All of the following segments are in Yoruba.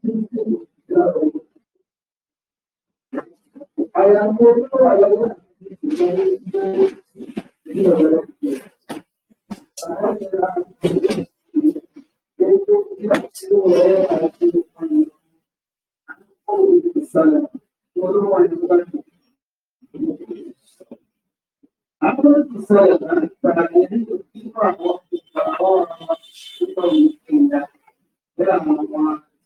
Gracias.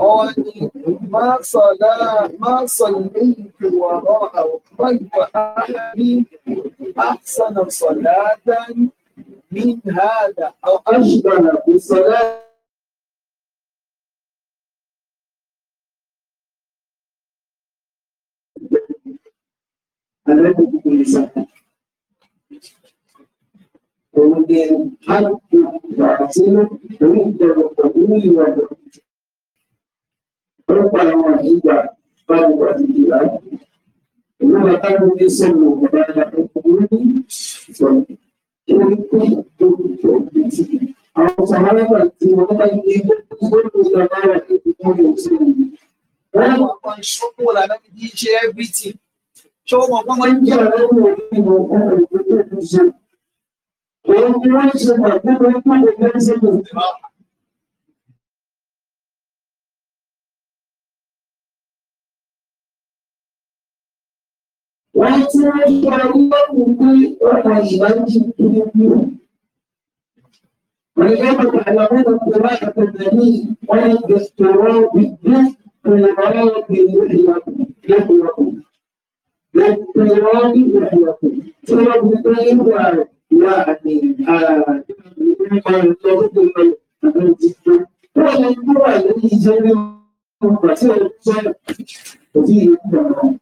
أني ما صلى ما صليت وراء طيب أحد أحسن صلاة من هذا أو أشبه بصلاة أنا بكل سنة ومن حد يعصمه ويبدأ ọ̀pọ̀lọpọ̀ àwọn àdúgbà bá ní wà ní ìlà ìlú àtàkùn ní sẹ́nu ọ̀gá ọkùnrin ní ìsọ̀rọ̀ kí wọ́n kó ìdókòtò ọ̀gbìn sí i. Àwọn sàmárẹ́bà tí wọ́n bá ní gbogbo ìgbàlára ní wọ́n tí wọ́n yí ayélujára pé ọ̀tá ìwádìí kúrú bí o. Remember the element of the right of the knee when it is to roll with this to the roll the Yaku. Let the roll the Yaku. Two of the three were not the uh, Wọ́n yẹ kúrò àlejò ìjọba ọ̀pọ̀ tí ó jẹ́ òbí ìlú ọ̀rọ̀.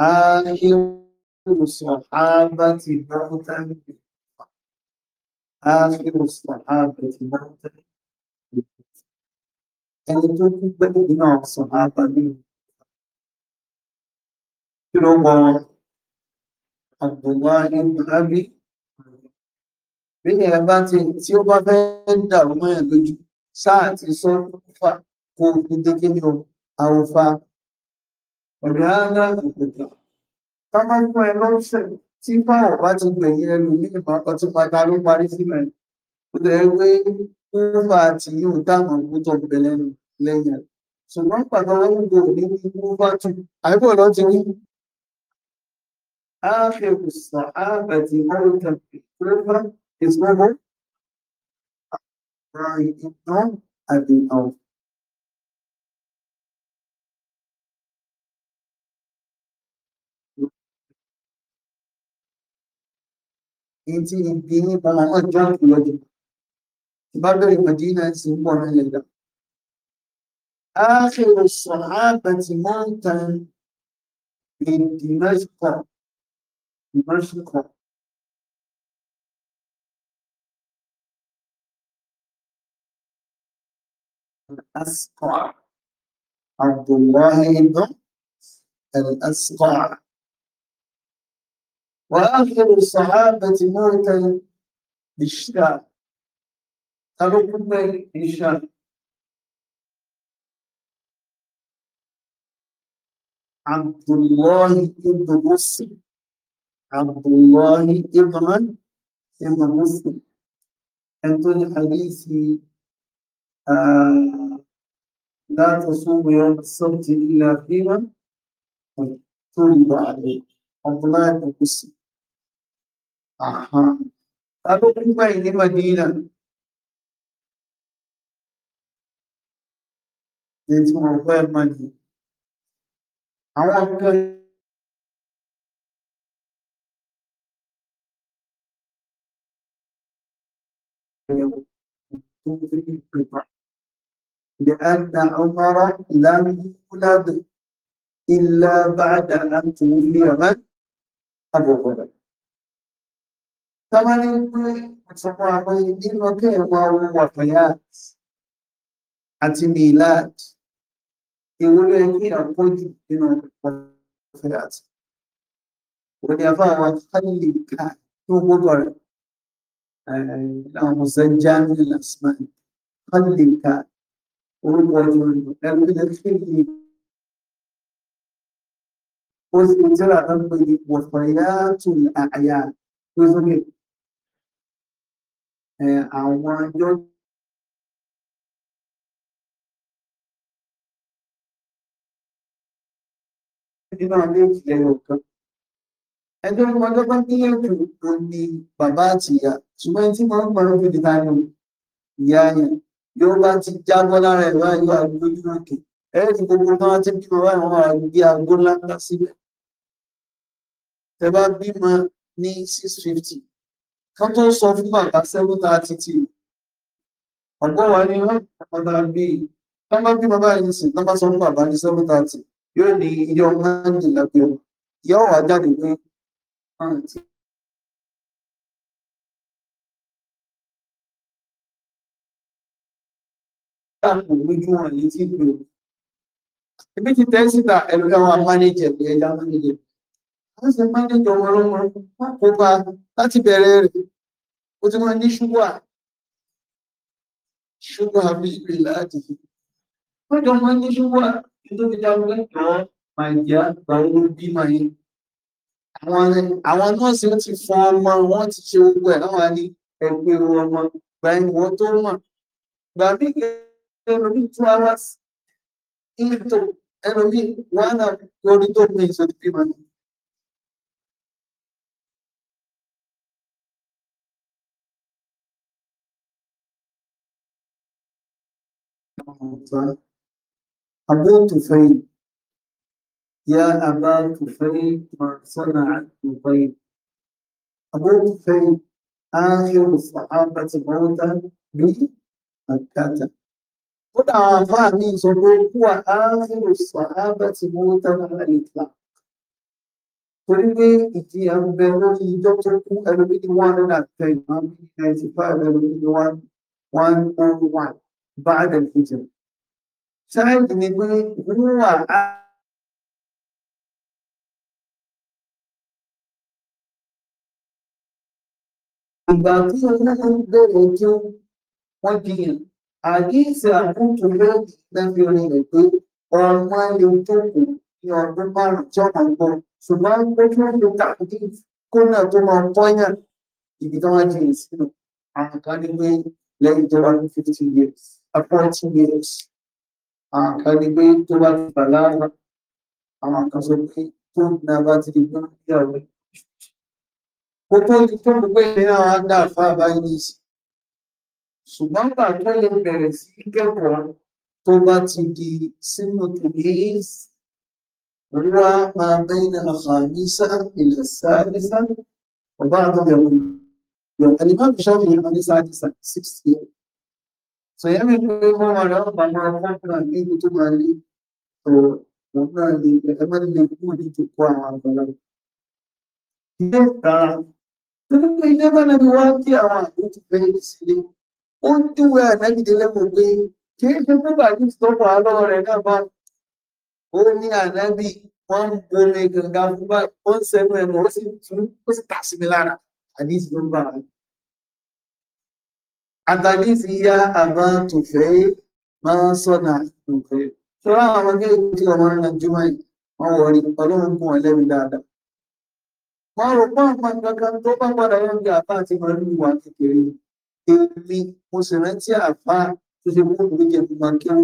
آخر الصحابة موتا آخر الصحابة موتا ẹni tó kú gbẹ́dẹ̀ nínú àwọn sọ̀hábà nínú kí ló wọ àbùwá ẹnu rábí bí ẹ bá ti tí ó bá fẹ́ dàrú mọ́ ẹ̀ lójú sáà ti sọ fà kó gbẹdẹgbẹ ní àwòfà ọ̀gáàgá òkúta ká má fún ẹ lọ́sẹ̀ tí báwọ̀ bá ti gbẹ̀yìn ẹnu ní ìpapọ̀ tí pátá ló parí sílẹ̀ ó lè wé kúrúfà tí yóò dáhùn àgbótọ̀ bẹ̀ lẹ́nu lẹ́yìn rẹ̀ ṣùgbọ́n pàtó ọlọ́gbọ̀n ní kúrúfà tù àìbò lọ ti wí. آخر الصحابة موتا في الكوفة اسمه إبراهيم بن أبي أوف Indeed, being by my own drunk lady. Bado ni Madina simbwa naenda. آخر الصحابة موتا من دمشق دمشق الأسقع عبد الله بن الأسقع وآخر الصحابة موتا بالشام تركنا الشام عبد الله بن مسلم عبد الله ابن ابن مسلم أنتم حديثي آه لا تصوم يوم السبت إلا فيما طلب عليك عبد الله بن مسلم أها أبو قبي لمدينة أنت مغفر مني أنا أقول لأن عمر لم يولد إلا بعد أن تولي من أبو غريب tọ́ba ní pé àtọ̀pọ̀ àwọn nínú kẹ́ẹ̀wá ohun wàfẹ̀yà àti mìíláàd ìwúlò ẹni àpọ̀jù nínú wàfẹ̀yà àti òní àbáwá kálí ká tó gbogbo rẹ̀ àwọn mùsùlùmí jáàmì lásìmán kálí ká orúkọ ọjọ́ ẹni tó fi ní ó sì ń tẹ́lá tó ń tó ní àyà tó sókè àwọn ọjọ́ nínú alẹ́ ìjìnlẹ̀ ọ̀kan. Ẹjọ́ ní ọjọ́ bá ní ẹ̀kù kò ní bàbá àti ìyá, ṣùgbọ́n tí wọ́n ń pọ̀rọ̀ fi dìta ní ìyá yẹn, yóò bá ti jábọ́ lára ẹ̀rọ ayé agbójú òkè. Ẹ̀rọ ti gbogbo náà ti bí bàbá àwọn àgbé agbó ńlá síbẹ̀. Ẹ bá bímọ ní six fifty, wọ́n tó sọ fún bàbá seven thirty tí ọ̀gbọ́n wa ni wọ́n bàbá bí wọ́n bá bí bàbá yìí sìn wọ́n bá sọ fún bàbá ní seven thirty yóò ní iye ọmọ ẹ̀ǹdì lẹ́gbẹ̀ẹ́ wọn ìyá ọ̀wá jáde pé àǹtí. Táàpù lójú wọn yìí ti gbèrò. Ibi ti tẹ́ síta ẹ̀rọ ẹ̀wọ̀n mánéjẹ̀ ẹ̀yà mánéjẹ̀ a sì máa ń jọ wọn lọ́mọ kópa láti bẹ̀rẹ̀ rẹ̀ ó ti máa ní ṣúgbà ṣúgbà bí ìpè láti fi wọ́n jọ máa ń ní ṣúgbà tó fi dá wọn lẹ́kọ̀ọ́ máa jẹ́ àgbà owó bí màá yẹn. àwọn nọ́ọ̀sì ó ti fọ ọmọ wọn ti ṣe gbogbo ẹ̀ láwọn ní ẹgbẹ́ ọmọ gba ìwọ̀n tó mọ̀ gbà bí ẹlòmíì two hours into ẹlòmíì one hour lórí tó mi ìṣòdì bímọ ni. القطان أبو طفيل يا أبا طفيل ما صنع طفيل أبو طفيل آخر الصحابة موتا بمكة قد عافاني صدوق هو آخر الصحابة موتا على الإطلاق torí pé ìdí àgbẹ lórí ìjọ tó kú ẹlòmíì ní one hundred and ten one ninety five ẹlòmíì ní one one oh one bá àdàlù ìjẹun ṣáàjì ni pé níwà á. ìgbà tí olóyún bẹ̀rẹ̀ tí wọ́n jiyàn àdíṣe àkókò lẹ́yìn lẹ́bi orin rẹ̀ pé ọmọ ilé jókòó ní ọdún márùn-ún tí ọmọ ń bọ̀ ṣùgbọ́n pé kí wọ́n lo tàbí kó tó máa pọ́yàn ibi tí wọ́n jiyàn sínú àwọn kan ní pé lẹ́yìn tó wá ní fifty years or forty years àwọn kan ní pé tó bá ti bàlá àwọn kan sọ pé tó ní abá ti di pé ìyàwó gbogbo ti tó gbogbo ìlera wa dà fún abáyé ní ìsìn ṣùgbọ́n gbà tó lè bẹ̀rẹ̀ sí kẹ́kọ̀ọ́ tó bá ti di sínú tòlẹ́yìí ríra máa bẹ́yìn àfàmísà ilẹ̀ sáàdìsá ọba àtọ́bẹ̀wò yọ̀ ẹni máa fi ṣọ́ọ̀fù yìí lọ ní sáàdìsá six years. So every people are now by my partner and able to money. So I'm not the emergency food to crown. Yes, Tolúpẹ́ ilé bá nàbí wá kí àwọn àgbẹ̀ ti bẹ̀rẹ̀ sílé. Ó ń dúwẹ́ ànágídé lẹ́kọ̀ọ́ pé kì í ṣe pé bàbá yìí sọ́kọ̀ àlọ́ rẹ̀ náà bá. Ó ní ànábì wọ́n ń bomi gangan fún báyìí, wọ́n ń sẹ́nu ẹ̀mọ́, ó sì tún ó sì tà sí mi lára. Àdìsí ló ń bá wọn àtàkì fi yá àbá tòfẹ́ máa sọ̀nà tòfẹ́ ṣọ́ra àwọn ọmọdé tí ọmọ náà jùmọ̀ yìí wọ́n wọ̀rí ọlọ́run kún ẹlẹ́rìí dáadáa wọ́n rò pọ́n pọ́n kankan tó bá padà wọ́n ń gbé àbá àti mọ̀lú ìwà kékeré èmi mo sì rántí àbá tó ṣe mú òbí jẹ fún máa kéwù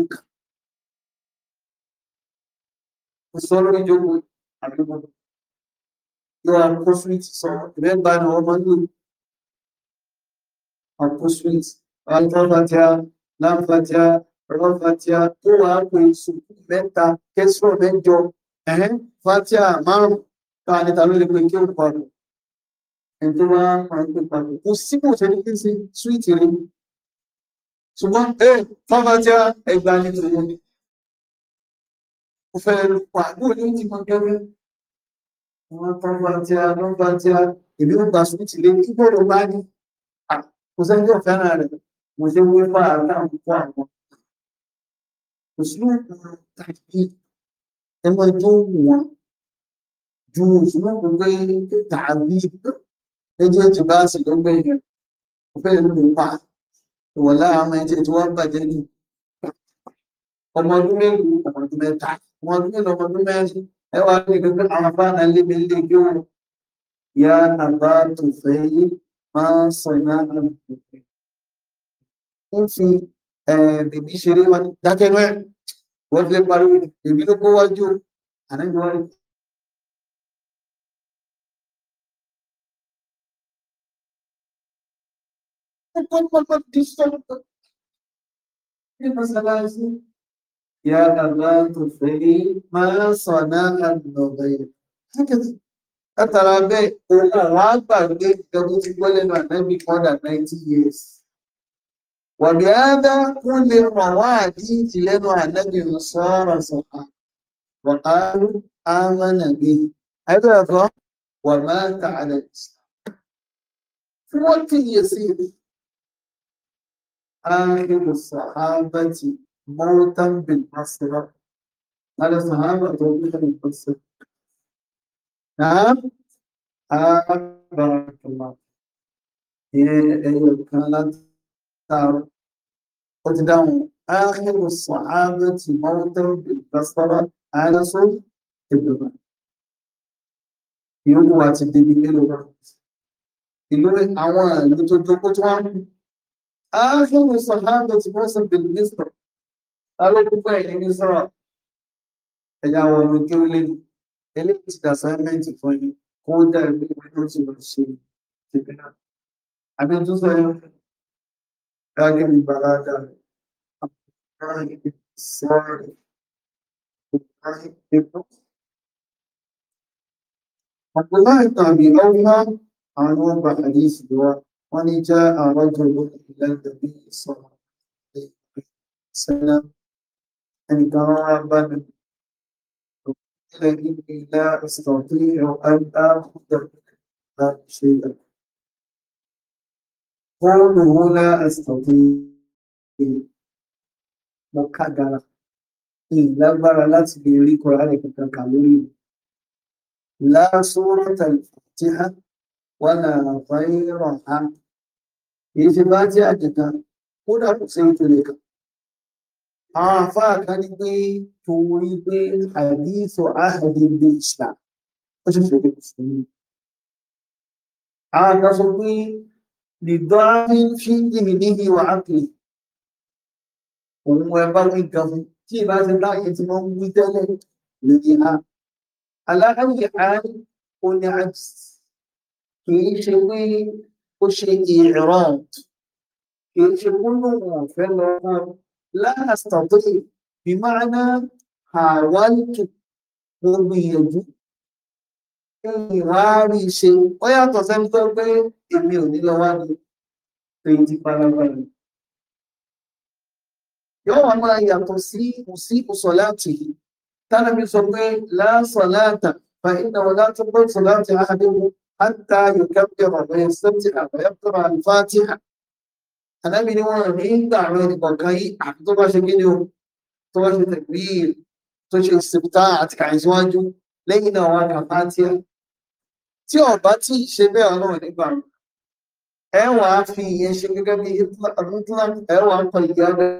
mo sọ lórí ìjókòó àdúgbò yóò wá kó ìtìsọ ìrẹ́gbà ni wọ́n máa àkóṣwìt àtọ́fàtíà láǹfàtíà rọ́fàtíà tó wà pé sùkú mẹ́ta kẹsùn mẹ́jọ fàtíà márùn ká níta ló lè pe kí ó parọ ẹni tó wá parọ pé parọ kò sí kò sẹ́ni kí n ṣe súwìtì rẹ ṣùgbọ́n ẹ fàfàtíà ẹgbà ni tòun ni kò fẹ́ pàgbó ní ti mọ gẹ́gẹ́ wọn fàfàtíà lọ́fàtíà èmi ò gbà súwìtì Mùsẹ́ńjẹ́ fẹ́ràn rẹ̀, mùsẹ́ńjẹ́ fà láwọn fún àwọn. Mùsùlùmí tàbí ẹmọ ẹjọ́ wọn ju mùsùlùmí gbé tàbí ẹjẹ́ tí bá sì ló gbé yẹn. Mo fẹ́ ló lè pa ìwọ̀ lára ọmọ ẹjẹ́ tí wọ́n bàjẹ́ nù. Ọmọ ọdún mélòó, ọmọ ọdún mẹ́ta, ọmọ ọdún mélòó, ọmọ ọdún mẹ́rin, ẹ wá ní gbogbo àwọn afáàná lébi lé gbé ما صنع النظير هكذا látara bẹ́ẹ̀ òun àwọn àgbàgbé ìjọba ti gbọ́ lẹ́nu ànábì more than ninety years wàbí ádá wọ́n lè ràn wá àdíjì lẹ́nu ànábì sọ́ọ̀rọ̀ sọ̀kà wàkàrú àmànàgbé àìbẹ̀ẹ̀kọ́ wà máa ta àdàbì forty years in آخر الصحابة موتا بالبصرة على صحابة أبو بكر البصري نعم آه بارك الله كانت قدام آخر الصحابة موتا بالبصرة أنس بن مالك yòówù àti débi mélòó wa ìlú àwọn ìlú tó dókó tó wọn áfíìmù sọhábà tí wọn sọ bèlú ní sọ̀rọ̀ alókùnkùn ẹ̀yìn ní sọ̀rọ̀ ẹ̀yà wọn ní kí ó léwu eléyìí ti dàsáímẹ́ǹtì fún yín kó dá ẹgbẹ́ ìwé náà ti lọ ṣe ìbílẹ̀. àbí tó sọ yẹn dájú ní gbàlágà rẹ̀ àwọn ọmọ sọ́ọ̀rọ̀ òkúta epo. àgbélá ìtàbí ọ̀húnmá àwọn ọba àdìsí wa wọ́n ní jẹ́ àwọn ọjọ́ ìlú ìlẹ̀ ìdẹ̀bí ìsọ̀rọ̀ ìsẹ́lẹ̀ ẹnìkan wọn wá bá mi. فإني لا أستطيع أن آخذ منها شيئا قوله لا أستطيع mo kádàrà ìlágbára láti lè rí kọ́ránì kankan kà lórí mi lásòrò tàbí ha wọn là fẹ́ ràn án èyí ti bá jẹ́ àjẹ̀dá kódà kò sí nítorí kan àwọn àfáà kan ní pé torí pé àdìsọ àhàdì ní islam ó sì fẹ́ mùsùlùmí àwọn kan sọ pé nìdọ́ àmì fi yìí níbi wà á pè òun ẹ bá wí tí ìbá ti láàyè tí wọ́n wí tẹ́lẹ̀ lórí ha aláàbì àárí oní àjì kì ṣe pé ó ṣe ìrọ̀ kì ṣe kúndùn ọ̀fẹ́ lọ́wọ́ لا أستطيع بمعنى حاولت gbìyànjú ìwárí ṣe ó yàtọ̀ sẹ́ni tó pé èmi ò ní lọ wá ní èyí ti palaba ni. yóò wá máa yàtọ̀ sí òsí òsọ̀láàtì yìí tára mi sọ pé láàsọ̀láàtà fa iná ọlá tó bọ́ sọ̀láàtì àádéwò àtà yòókẹ́ bẹ̀rọ̀ bẹ̀rẹ̀ sẹ́ńtì àbẹ̀yẹ́ bẹ̀rọ̀ àlùfáàtì hàn. Ànábì ni wọ́n rí ń gbà rẹ̀ nìkọ̀ọ̀kan yìí àti tó bá ṣe kí ni o, tó bá ṣe tẹ̀gbìr, tó ṣe ìsìpítà àti kàyìn síwájú lẹ́yìn náà wọ́n kà bá tiẹ̀. Tí ọ̀bá tí ṣe bẹ́ẹ̀ ọlọ́run nígbà rẹ̀, ẹ wà á fi ìyẹn ṣe gẹ́gẹ́ bí Islam, ẹ wà á kọ ìyá rẹ̀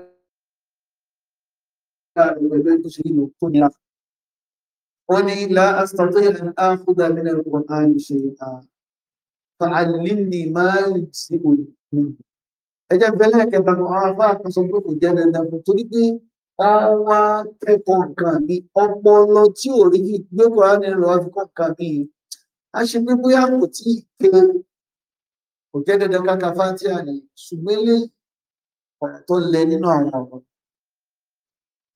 pẹ̀lú ẹ̀kọ́ ṣe nínú tó nira. Ó ní ilá astọ́tẹ́ ìlànà áfúdà mílẹ̀ Kùránì ṣe ìta. Fa'allimni máa ń sí ẹjẹ́ bẹ́lẹ̀ kẹta ni àwọn afá kan sọ pé kò jẹ́ dandan fún torí pé àwọn akẹ́kọ̀ọ́ nǹkan mi ọpọlọ tí ò rí fi gbé kọ́ ní lọ fi kọ́ nǹkan mi bóyá kò tí ì pé kò jẹ́ dandan káka fátíà ni ṣùgbọ́n eléyìí ọ̀rọ̀ tó lẹ nínú àwọn ọ̀rọ̀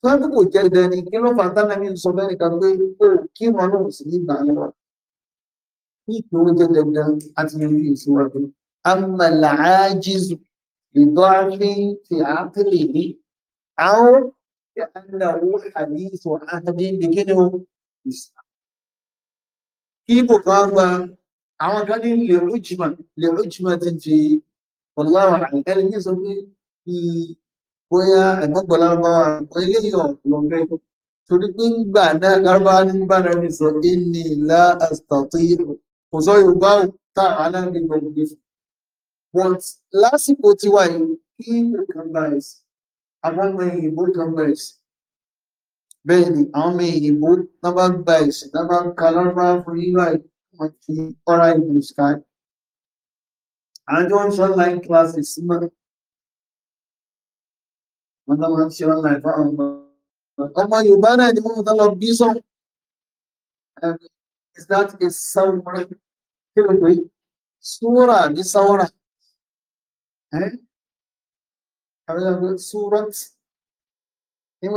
fẹ́ẹ́ bí kò jẹ́ dandan ni kí ló fà tánà mi sọ bẹ́ẹ̀ nìkan pé o kí wọn náà sì ní ìgbà yẹn wà ní ìpínlẹ̀ jẹ́ dandan àti yanjú ìsíwájú amàlà ájísù لضعف عقله أو لأنه حديث عهد لكنه يسمع في مقاربة àwọn kan ní lèrújìmọ̀ tí fi ọláwà ẹni ní sọ pé bóyá ẹ̀mọ́gbọ̀láwà eléyọ̀ lọ́gbẹ́ torí pé ń gbà náà lárúbá ní bára ní sọ ní ìlà àstàtí kò sọ yorùbá táà aláàrin gbogbo but lásìkò tiwa yìí kí nǹkan gba ẹ̀sìn àwọn ọmọ ìyìnbó kan gba ẹ̀sìn bẹ́ẹ̀ ni àwọn ọmọ ìyìnbó náà bá gba ẹ̀sìn náà bá ń ka lọ́rọ́ fún yíyá wọn ti ọ̀rá ìlú sky àwọn tí wọ́n ń ṣe online classes náà wọn náà ń ṣe online fáwọn ọmọ ọmọ Yorùbá náà ni wọ́n lọ bí sọ um, is that a sawra kí ló pé sura ní sawra. and surat and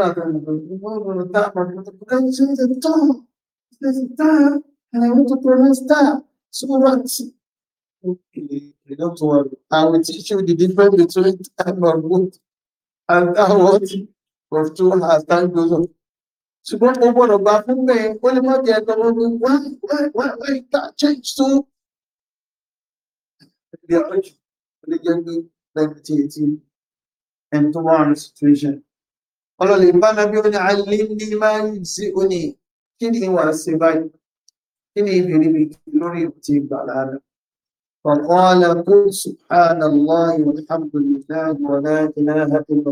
I want to pronounce that. Surat. Okay, don't worry. Uh, I will teach you the difference between time good and that word. of two as time goes on. ṣùgbọ́n gbogbo ọ̀rọ̀ gba fún mi ó lè má jẹ́ ẹ̀kọ́ why why why why that change so. ló jẹ́ pé nineteen eighteen ẹni tó wà ní situation ọlọ́lẹ̀ ìbánabi ó ní alẹ́ ní máa ń sí ó ní kí ni wà á ṣe báyìí kí ni ìbèrè mi lórí ìbùtí ìgbà lára فقال قل سبحان الله والحمد لله ولا إله إلا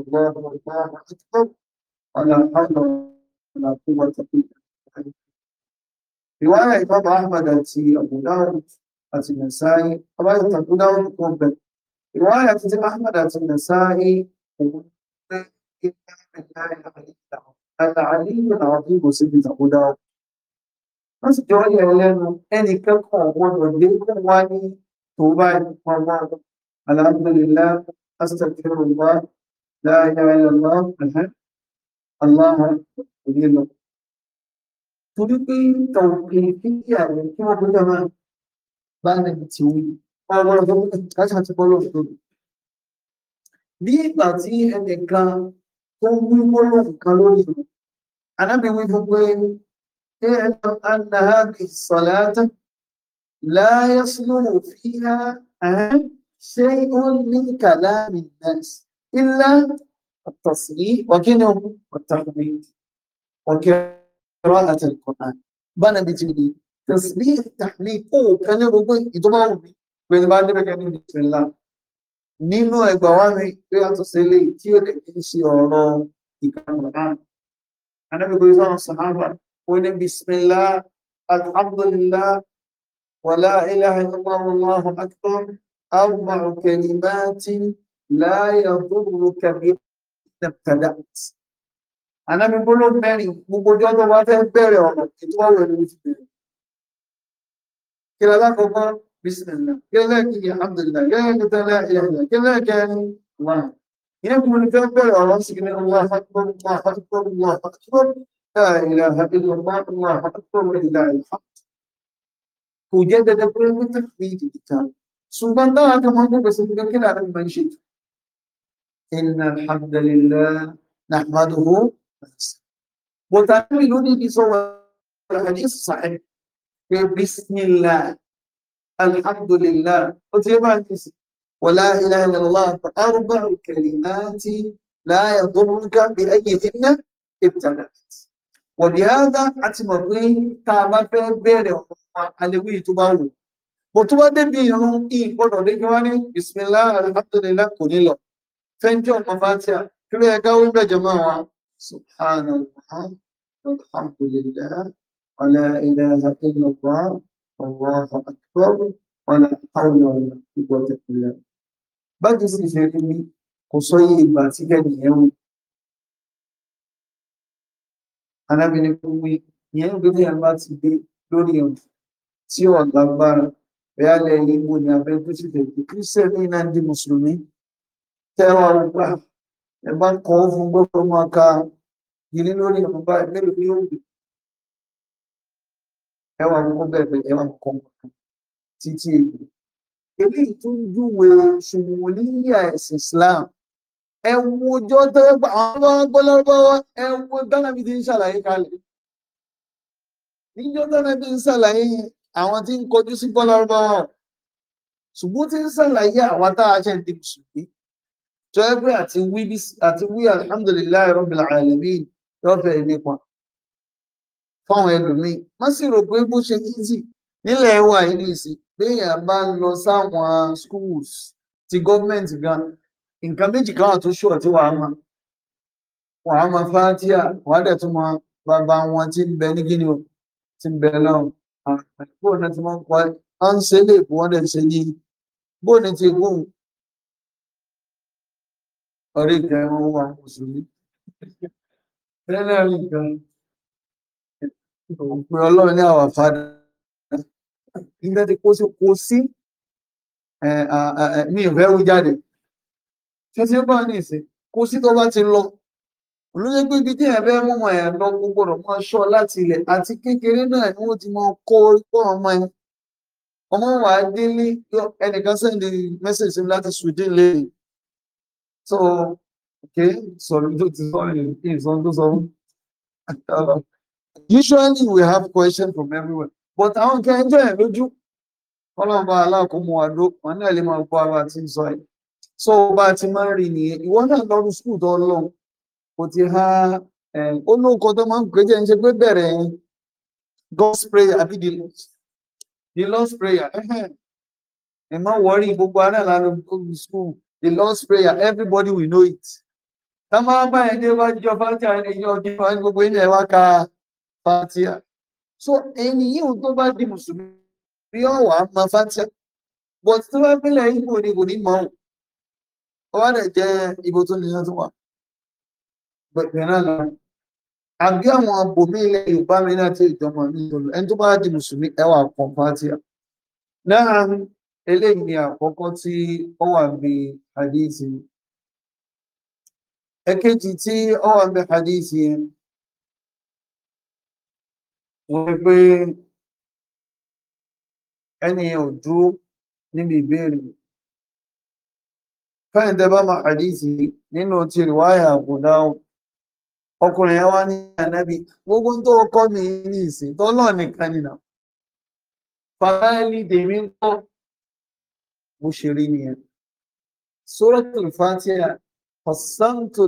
رواية الإمام أحمد عن النسائي العلي العظيم سيدنا أبو داود wọ́n sì jọ yẹ lẹ́nu ẹnì kẹ́kọ̀ọ́ gbọ́dọ̀ dé kó wá ní tó báyìí ọmọ alhamdulilá astagfirullah la ilaha illallah aláha òye lọ. torí pé tọ̀wọ̀ kìí kí àwọn kí wọ́n gbọ́dọ̀ máa bá nàìjíríà káṣà ti bọ́lọ̀ tó bí ìgbà tí ẹnìkan tó wí bọ́lọ̀ kan lórí anábì wí fún pé ṣé ẹnà anahaki sọ̀láta láyé súnmọ́ fi ha ṣé ó ní kàlámì nẹ́ẹ̀sì ilá àtọ̀sí ọ̀kíni ọ̀tàkùnrin ọ̀kẹ́rọ̀ àtẹ̀kọ̀ọ́ bá nàbì ti rí tẹ̀sí ní ìtàlẹ́ kó kan ní gbogbo ìjọba òbí pẹ̀lú bá débẹ̀ kẹ́ ní bisimilá nínú ẹgbà wá mi pé àtúnṣe ṣe lè tí ó lè fi ṣe ọ̀rọ̀ ìkànnì náà anábìgbòye sọ̀rọ̀ sàhábà ó ní bisimilá alhamdulilá wàlá ilaha illallah akbar arba'a kalimatin la yadurruka bí nàbtàdàt anábìgbòló mẹ́rin gbogbo ọjọ́ tó wá fẹ́ bẹ̀rẹ̀ ọ̀rọ̀ ètò ọ̀rọ̀ ìlú ti bẹ̀rẹ̀ kí Bismillah. Gẹ́lẹ́kì alhamdulillah. Gẹ́lẹ́kì tẹ́lá ìyàgbẹ́. Gẹ́lẹ́kì wà. Yẹ́ kí wọ́n fẹ́ bẹ̀rẹ̀ ọ̀rọ̀ sí ní Allah akbar Allah akbar Allah akbar. La ilaha illallah Allah akbar ìlà ìfà. Kò jẹ́ dandan pé wọ́n ti fi ìdìkà. Ṣùgbọ́n táwọn kan máa ń gbọ́dọ̀ sí nígbà kílà rẹ̀ máa ń ṣe. Inna alhamdulillah nahmaduhu. Bọ̀tà mi ló ní ibi sọ wà. Hadith Bismillah alhamdulillah ó ti yé bá ń kìsì wala ilaha illallah fa arba'u kalimati la yadurruka bí ẹyẹ ìdíná ìbìtàdà wọ̀dí ádá àti mọ̀ pé tá a bá fẹ́ bẹ̀rẹ̀ ọ̀pọ̀ alẹ́wí tó bá wù mo tó bá débi irun ìgbọ́dọ̀ lé wá ní bismillah alhamdulillah kò ní lọ fẹ́ńjọ́ ọ̀pọ̀ fatia kí ló yẹ káwé bẹ̀jọ̀ máa wá subhanallah alhamdulillah wala ilaha illallah الله أكبر ولا حول ولا قوة إلا بالله bájú sì ṣe rí mi kò sọ yí ìgbà tí kẹ́ni yẹn wù alábìnrin kò wí ìyẹn gbé ní àlá ti dé lórí ọ̀dọ̀ tí ọ̀gá gbára bẹ́ẹ̀ alẹ́ yìí mo ní abẹ́ tó sì tẹ̀lé kírísítẹ́nì náà di mùsùlùmí tẹ́wà gbà ẹ̀ bá kọ́ fún gbọ́dọ̀ máa ka ẹwà kó bẹ̀rẹ̀ ẹwà kó títí èyí eléyìí tó ń júwe ṣùmùlíyà ẹ̀sìn Islam ẹ wo ọjọ́ tó yẹ pa àwọn ọlọ́gbọ́lọ́gbọ́wọ́ ẹ wo dánábì ti ń ṣàlàyé kalẹ̀ níjọ́ dánábì ń ṣàlàyé àwọn tí ń kọjú sí gbọ́lọ́gbọ́wọ́ ṣùgbọ́n tí ń ṣàlàyé àwọn tá a ṣe ń di mùsùlùmí tó yẹ àti wí alhamdulilayi rabbil alamin yóò fẹ́ nípa fáwọn ẹlòmíì wọ́n sì rò pé bó ṣe easy nílẹ̀ wà yìí nìsí béèyàn bá ń lọ sáwọn schools ti gọ́ọ̀mẹ̀ntì gan nǹkan méjì kan àtún ṣùọ̀ tí wàá mọ wàá mọ fátíà wàá dẹ̀ tún mọ bàbá wọn ti ń bẹ ní gíní o ti ń bẹ lọ́hùn bó ní ti máa ń pa á ń ṣe lè bó wọn dẹ̀ ṣe ní bó ní ti gùn ọ̀rẹ́ ìgbà ẹ̀wọ̀n wà kò sí ní nǹkan òpin ọlọ́run ní àwọn àfáàdà nígbà tí kó sí kó sí ní ìfẹ́ wo jáde ṣé ṣé bá ní ìsìn kó sí tó bá ti lọ olóyè pé ibi tí ẹ fẹ́ mú ẹ lọ gbọ́dọ̀ máa ṣọ́ láti ilẹ̀ àti kékeré náà ni wọ́n ti máa kọ́ ikọ́ ọmọ ẹ ọmọ wa délé ẹnìkan sẹ́ndì mẹ́sẹ̀jì sí mi láti Sweden lẹ́yìn so okay sọ̀rọ̀ tó ti sọ̀rọ̀ ìsọ̀rọ̀ tó sọ̀rọ̀ usually we have questions from everyone but àwọn kan jẹ́ ẹ̀ lójú ọlọ́run bá aláàkómọ àdó wọn náà lè máa gbọ́ ara tí ń sọ ẹ̀ so bá a ti máa ń rí nìyẹn ìwọ náà lọ́rùn skul tó lọ́hùn kò ti ha olóòkọ tó máa ń pè jẹ́ ń ṣe pé bẹ̀rẹ̀ God's prayer àbí the the Lord's prayer ẹ má wọrí gbogbo ara lánàá gbogbo skul the Lord's prayer everybody will know it tá máa bá ẹ dé wájú ọba tí a ń yọ ọdún wa gbogbo ilẹ̀ wa ká fatia so ẹni yíò tó bá di mùsùlùmí rí ọ̀wà ma fatia but tó bá pínlẹ̀ ibo ni kò ní mọ̀ ọ́n ọwọ́ rẹ̀ jẹ́ ibo tó nìyẹn tó wà bẹ̀rẹ̀ náà lọ àbí àwọn abòmí ilẹ̀ yorùbá mi náà ti ìjọmọ̀ ní ìjọlọ ẹni tó bá di mùsùlùmí ẹwà kan fatia náà eléyìí ni àkọ́kọ́ tí ó wà bí hadith ẹ̀kejì tí ó wà bí hadith yẹn wọ́n pé ẹni yẹn ò dúró níbi ìbéèrè fẹ́yìn tẹ bá máa àdísì nínú ti rìwáyà àbùdá ọkùnrin yẹn wá ní ànábì gbogbo tó kọ́ mi ní ìsìn tó náà nìkan nìyà fàáìlì tèmi ń kọ́ bó ṣe rí nìyẹn sóràtù fàtíà ọ̀sántù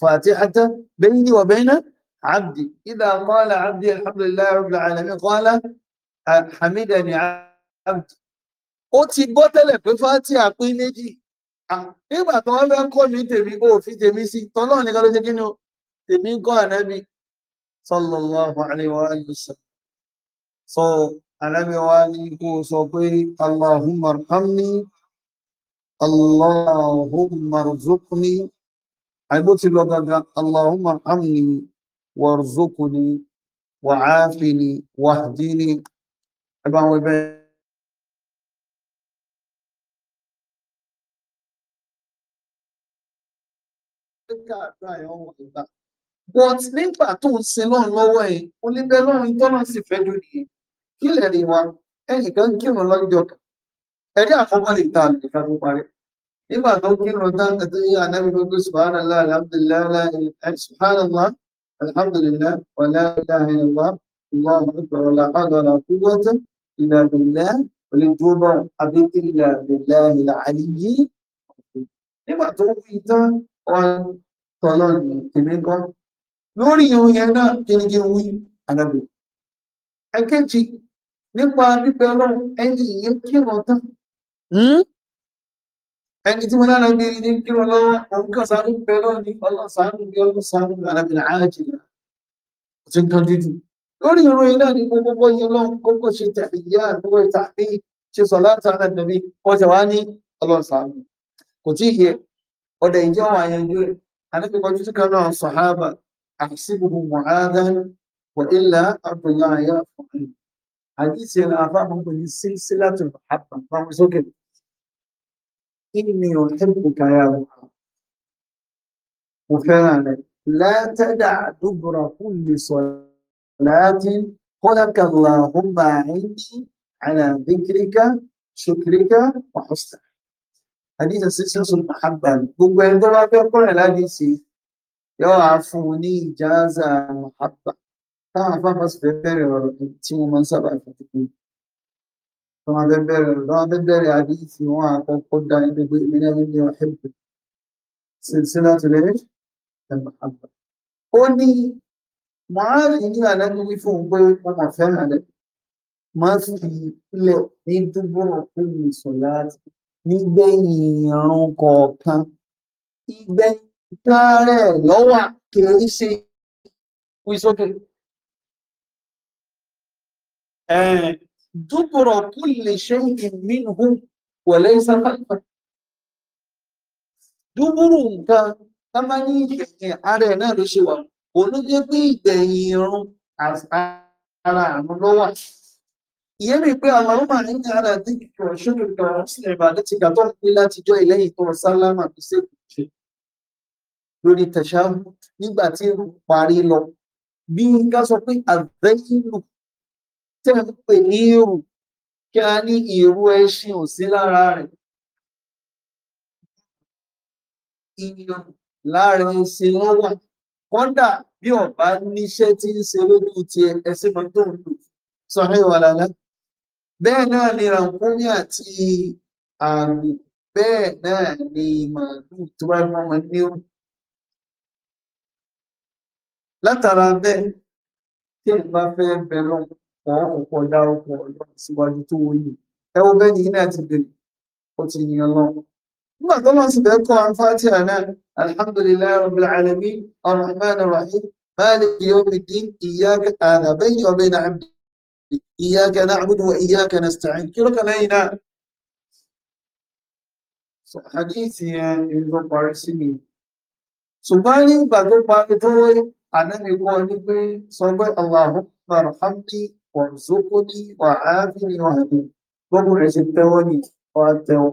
fàtíà bẹ́yìn ní wà bẹ́yìn náà عبدي إذا قال عبدي الحمد لله رب العالمين قال حمدني عبدي ó ti gbọ́ tẹ́lẹ̀ pé fáti àpín méjì nígbà tó wọ́n fẹ́ kọ́ mi tèmi kó fi tèmi sí tọ́lọ́ nìkan ló ṣe kí ni o tèmi ń kọ́ ànábì sallallahu alaihi wa sallam sọ ànábì wa ní kó sọ pé allahumma arhamni allahumma arzuqni àìbó ti lọ gangan allahumma arhamni وارزقني وعافني واهدني أبا but nígbà tó ń sin náà lọ́wọ́ ẹ̀ oníbẹ̀ lọ́run tọ́nà sì fẹ́ lórí ẹ̀ kí lè rí wa ẹnìkan kírun lọ́jọ́ kan ẹ̀rí àkọ́kọ́ lè ta àlùkà tó parí nígbà tó kírun tán àti ànábìbọ́gbé subhanallah alhamdulillah subhanallah الحمد لله ولا إله إلا الله الله أكبر ولا حول ولا قوة إلا بالله وللجمع أبي إلا بالله العلي nígbà tó ń fi tán ọ̀rọ̀ tọ̀lọ̀ ní tèmi kan lórí ohun náà kí ni wí àdàbò ẹ̀kẹ́jì nípa pípẹ́ ọlọ́run ẹni ìyẹn kírun tán hmm? ẹni tí mo lára bí ní kí wọn lọ́wọ́ òun kàn sáré pẹ̀lú ní ọlọ́ sáré bí ọlọ́ sáré alábìlà ààjìlá ti ń kan dídì lórí ìròyìn náà ni gbogbo bóyá lọ́wọ́ gbogbo ṣe tàbí ìyá àdúgbò tàbí ṣe sọ láti ara tẹ̀lé wọ́n ti wá ní ọlọ́run sáré kò tí ì yẹ ọ̀dẹ̀ ìjọ wà yanjú rẹ̀ àdébìkọjú sí kan náà sọ̀hábà àfisí gbogbo mọ̀ádán wà ilà àbúyá àyà fún إني أحبك يا محمد وفعلا لا تدع دبر كل صلاة قلك اللهم عيني على ذكرك شكرك وحسنك حديث السلسلة المحبة قلت عندما تقول الحديث يا عفوني جاز محبة تعرف بس بفير يا رب تيمو من سبع فتكون tó máa fẹ́ bẹ̀rẹ̀ tó máa fẹ́ bẹ̀rẹ̀ àdíyìsí wọn àkọ́kọ́ dá ní gbogbo ìmìnira ní ọ̀hẹ́bù sílá tó lẹ́yìn ẹ̀mọ̀hábà. ó ní màárì ní ànábi wí fún un pé wọn kà fẹ́ ràn lẹ́yìn máa fi ilẹ̀ ní dúbọ̀rọ̀ fún ìsọ̀lá nígbẹ̀yìn ìrun kọ̀ọ̀kan ìgbẹ̀yìn kárẹ̀ lọ́wà kìí ṣe kú sókè. دبر كل شيء منه وليس خلفه dúbúrú nǹkan tá má ní ara ẹ̀ náà ló ṣe wà kò ló jẹ́ pé ìgbẹ̀yìn irun ara àrùn ló wà ìyẹn rí i pé àwọn ọmọ ní ara tí kò ṣòro kan sílẹ̀ ìbàdàn ti gàtọ́ pé látijọ́ ìlẹ́yìn tó sálámà tó ṣèkùnṣe lórí tẹ̀sán nígbà tí parí lọ bí nǹkan sọ pé àbẹ́yìn lù tẹ́ ń pè ní ìrù kí a ní ìrù ẹṣin ò sí lára rẹ̀. Ìrù lára ẹṣin ló wà. Kọ́ńdà bí ọ̀bá níṣẹ́ tí ń ṣe lójú ti ẹṣin mọ́ tó ń lò sọ̀rọ̀ ìwà lálẹ́. Bẹ́ẹ̀ náà ni ràǹkúnmí àti àrùn bẹ́ẹ̀ náà ni màálùú tó bá mọ́ wọn ní òun. Látara bẹ́ẹ̀ tí ẹ bá fẹ́ bẹ̀rẹ̀ ọ̀hún wọn kọ́kọ́ dárúkọ Ọlọ́run síwájú tó wòye ẹ wo bẹ́ẹ̀ nìyí náà ti bèrè ó ti yan lọ. nígbà tó lọ sí bẹ́ẹ̀ kọ́ àǹfààtì àná alhamdulilayi rabbil alamin arrahman arrahim maliki yawmi din iyyaka na'budu wa bayna abdi iyyaka na'budu wa iyyaka nasta'in kí ló kà lẹ́yìn náà. hadithi yẹn ibi tó parí sí ni ṣùgbọ́n nígbà tó parí tó wọ́n àná mi kọ́ ni pé sọ pé allahumma arhamni وارزقني وعافني وهدني gbogbo rẹ̀ ṣe tẹ́wọ́ ní ọwá tẹ́wọ́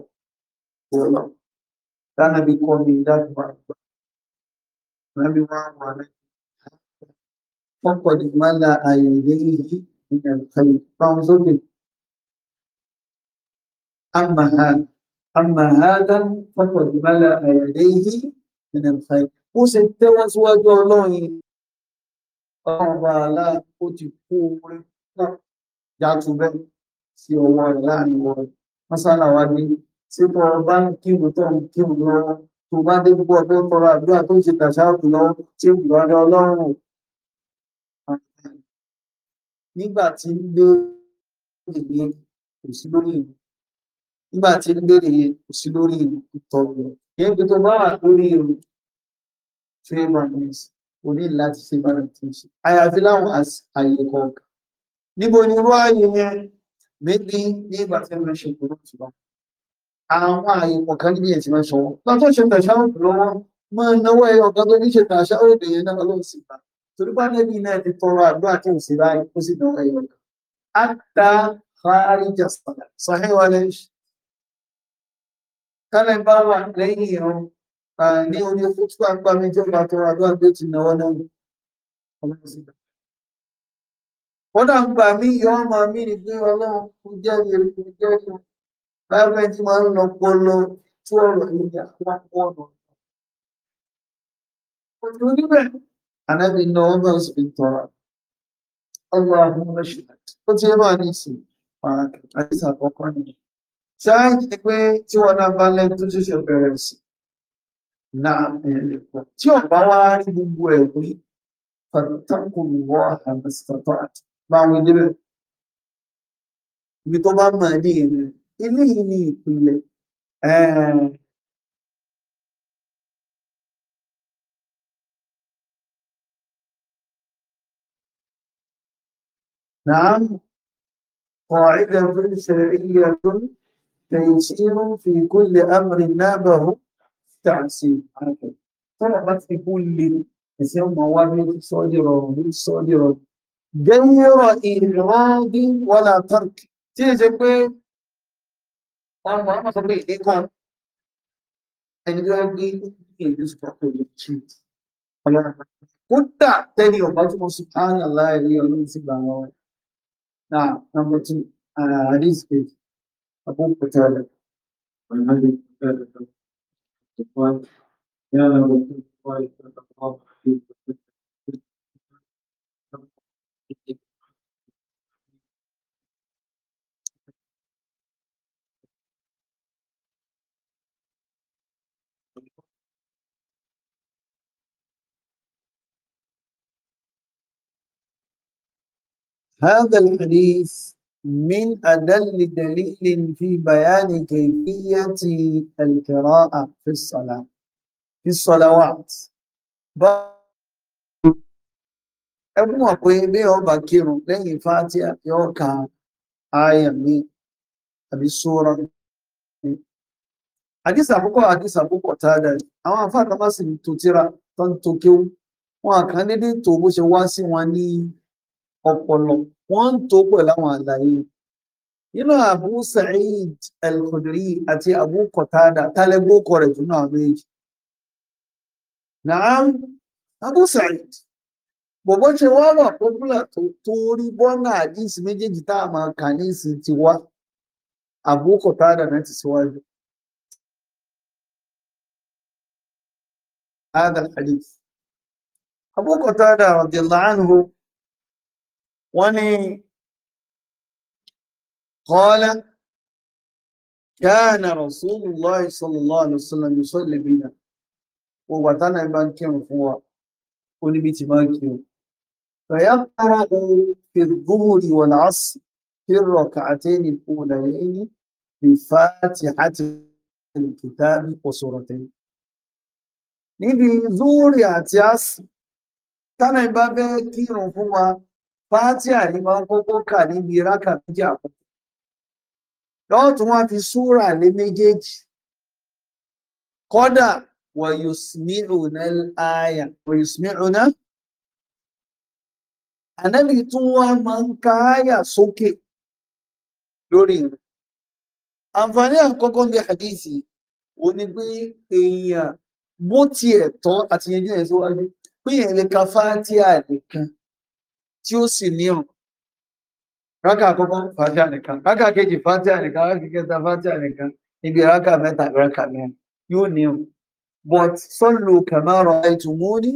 ìwọ̀lọ́ tánàbí kọ́ ní ìdájú wa gbà nàbí wá wà lẹ́yìn fọ́pọ̀dì má la àyè lẹ́yìn yìí ní ẹ̀kọ́yì báwọn sókè àmà hádán fọ́pọ̀dì má la àyè lẹ́yìn yìí ní ẹ̀kọ́yì ó ṣe tẹ́wọ́ síwájú ọlọ́run ọlọ́run bá a láà ó ti kú orin yàtúbẹ̀ sí ọwọ́ rẹ̀ láàrin wọn mọ́sálà wa ní ṣé tó o bá ń kírun tó ń kírun lọ́wọ́ tó bá dé gbọ́ tó ń tọrọ àdúrà tó ń ṣe tàṣáàkù lọ́wọ́ tí ó gbọ́ ọdọ ọlọ́run nígbà tí ń béèrè yẹn kò sí lórí ìlú nígbà tí ń béèrè yẹn kò sí lórí ìlú ìtọ́jú yẹn kí tó bá wà lórí ìlú three months o ní láti ṣe bára tó ń ṣe àyàfi láwọn àyè kọ̀ọ̀kan níbo ni irú ààyè yẹn méjì ní ìgbà tí wọ́n ṣe ìgbòho ti wá àwọn ààyè kọ̀ọ̀kan níbi ètí mẹ́sàn án lọ́tọ́ ṣe tẹ̀sán òdù lọ́wọ́ máa náwó ẹyọ ọ̀gá tó ní ṣe tẹ̀sán òdù yẹn náà ló ń sì gbà torí bá nẹ́bí náà ti tọrọ àdúrà tó ń sì bá kó sì náwó ẹyọ ọ̀gá àtà kharija sahih wa lẹ́yìn kálẹ̀ bá wà lẹ́yìn ìran ní orí fúnṣọ́ àgbà mi tó tọrọ àdúrà tó ti náwó náà kódà ń gbà mí yọ ọmọ mi ní pé ọlọ́run kò jẹ́ ìrìn kò jẹ́ ìrìn báyọ̀ tí máa ń lọ polo tí ọ̀rọ̀ yìí ní àwọn ọ̀nà. Òtún níbẹ̀, ànábì ní ọmọ oṣù fi tọ́ra. Ọlọ́ àwọn oṣù tó ti máa ní ìsìn pàtàkì àti ìsàkọ́kọ́ ni. Sáájì ni pé tí wọ́n náà bá lẹ́nu tó ṣẹ̀ṣẹ̀ bẹ̀rẹ̀ sí. Náà ẹ̀rẹ̀ pọ̀. Tí ọ̀bá wá rí gbogbo ẹ̀ wí, pàtàkì wọ́ àmì àti വാങ്ങിയത് ഇപ്പൊ മതി ഇനി ഇനി نعم قاعدة شرعية تيسير في كل أمر نابه تعسير طلبت في كل يوم مواد صادرة صادرة gẹ́yìnrọ̀ ìrìnrìn wọ́lá tọ́rkì tí è ṣe pé ọmọ ọmọ sọ pé ìdí kan ẹni tó gbé ìlú sọ́kò lè kí kódà tẹ́lẹ̀ ọ̀bá tí mo sì kán aláìrí ọlọ́run sí gbà wọn هذا الحديث من أدل دليل في بيان كيفية القراءة في الصلاة في الصلوات ẹgbẹ́ mọ̀ pé bí ọba kírun lẹ́yìn fátíà yóò ka ààyè mi àbí sóra mi. àdìsá púpọ̀ àdìsá púpọ̀ tá a dà yìí àwọn afáàkà má sì tó tíra tó ń tó kéwú wọn àkàn dédé tó bó ṣe wá sí wọn ní ọpọlọ wọn ń tó pẹ̀lú àwọn àlàyé nínú Abu Sa'id al àti Abu Qatada talegbo kọ náà méjì naam Abu Sa'id bọ̀bọ̀ ṣe wá wà pọ́pùlà tó torí bọ́nà àdìsí méjèèjì tá a máa kà ti Abu wọ́n ní kọ́ọ́lá káàna rasulullah sallallahu alaihi wasallam yusalli bina gbogbo àtànà ìbá ń kírun fún wa ó níbi tí máa kírun فيقرأ في الظهر والعصر في الركعتين الأوليين بفاتحة الكتاب àti àsì tánà ìbá bẹ́ kírun fún Fátíà ní máa ń kọ́kọ́ kà níbi rákà méjì àkọ́kọ́. Lọ́ọ̀tún wá fi súrà lé méjèèjì. Kọ́dà wàyùsmíhùnà àyà wàyùsmíhùnà. Ànábì tún wá máa ń ka àyà sókè lórí rẹ̀. Àǹfààní àkọ́kọ́ ní àdìsí ò ní pé èèyàn bó tiẹ̀ tán àti yanjú ẹ̀ síwájú pé èèyàn lè ka fátíà nìkan tí ó sì nírun rákà àkọ́kọ́ fàájà nìkan rákà kejì fàájà nìkan rákà kẹta fàájà nìkan ibi rákà mẹ́ta rákà mẹ́rin yóò nírun but sọ́lù kẹmẹ́rọ ẹ̀tùmúrí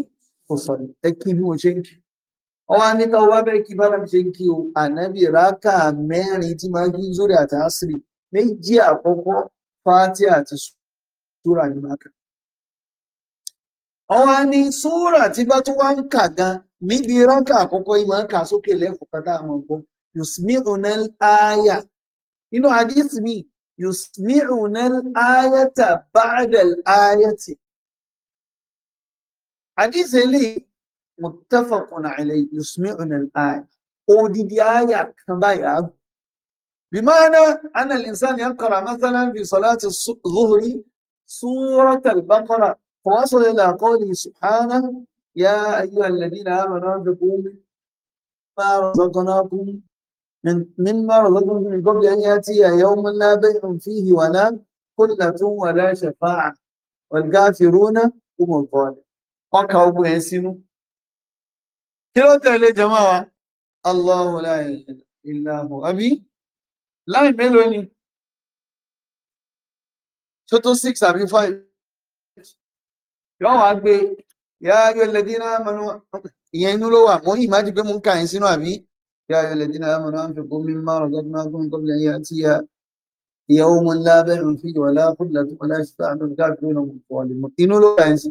kò sọ̀rọ̀ ẹ kí bí mo ṣe ń kí ọwọ́ níta ọwọ́ bẹ́ẹ̀ kí bá mi ṣe ń kí o ànábì rákà mẹ́rin tí máa ń kí sórí àtàásírì méjì àkọ́kọ́ fàájà àti sùúrà ní máa kàn ọwọ́ ni súrà tí bá tún wá ń kà gan níbi rákà àkọ́kọ́ yìí máa ń kà sókè lẹ́fọ̀ọ́ kan dáa mọ̀ gbọ́ yusmi'una al-aya nínú hadith mi yusmi'una al-ayata ba'da al-ayati hadith eléyìí muttafaqun alayhi yusmi'una al-aya odidi aya kan báyìí àgbò bimana anna al-insan yaqra fi salati adh-dhuhri surata فواصل إلى قوله سبحانه يا أيها الذين آمنوا أنفقوا ما رزقناكم من مما رزقناكم من قبل أن يأتي يوم لا بيع فيه ولا قلة ولا شفاعة والكافرون هم الظالمون ọkà ogun ẹ̀ sínú kí ló tẹ̀lé jama wa Allahu la ilaha àbí láì mélòó ni tó yọ́ wá gbé yá ayọ́ lẹ́dínà mọ́nú ìyẹn inú ló wà mọ́ ìmájú pé mú ń kàyín sínú àbí yá ayọ́ lẹ́dínà mọ́nú àwọn fìkó mi máa rọ̀ gẹ́gẹ́ máa gún gọ́bìlẹ̀ yá tí ya ìyàwó mọ́ lábẹ́ ìrùn fi wà láàpùlà tó wà láti sáà lórí káàkiri náà mú pọ̀ lè mọ́ inú ló kàyín sí.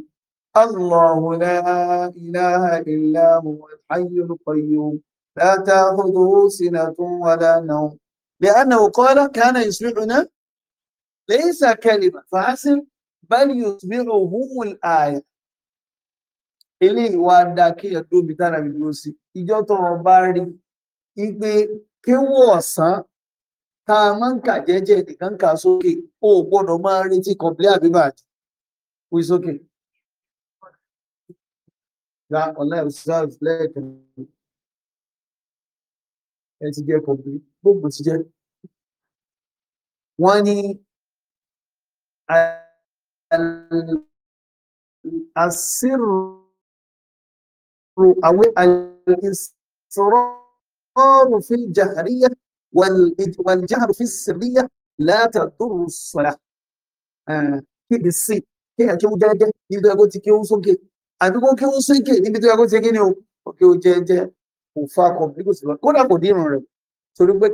الله لا إله إلا هو الحي القيوم لا تأخذه سنة ولا نوم لأنه قال كان يصبحنا ليس كلمة فأصل bẹ́ẹ̀ni yusbihu humul aya eléyìí wá dáa kéèyàn tóbi tára mi dúró sí ìjọ tó wọn bá rí i pé kéwọ ọ̀sán tá a máa ń kà jẹ́jẹ́ nìkan ń kà sókè ó gbọ́dọ̀ máa retí kọ̀ǹpilẹ̀ ọ̀la ìṣáà lẹ́ẹ̀kan ẹ ti jẹ́ kọ̀ǹpilẹ̀ gbogbo ti jẹ́. Wọ́n ní. السر او الاسرار في الجهريه والجهر في السريه لا تضر الصلاه. آه، كي بالسي كي كي وجاجا كي بدو يقول كي وصنكي ادوكو كي وصنكي كي بدو يقول كي نيو كي وجاجا وفاكم بيقول كل ابو دين ولد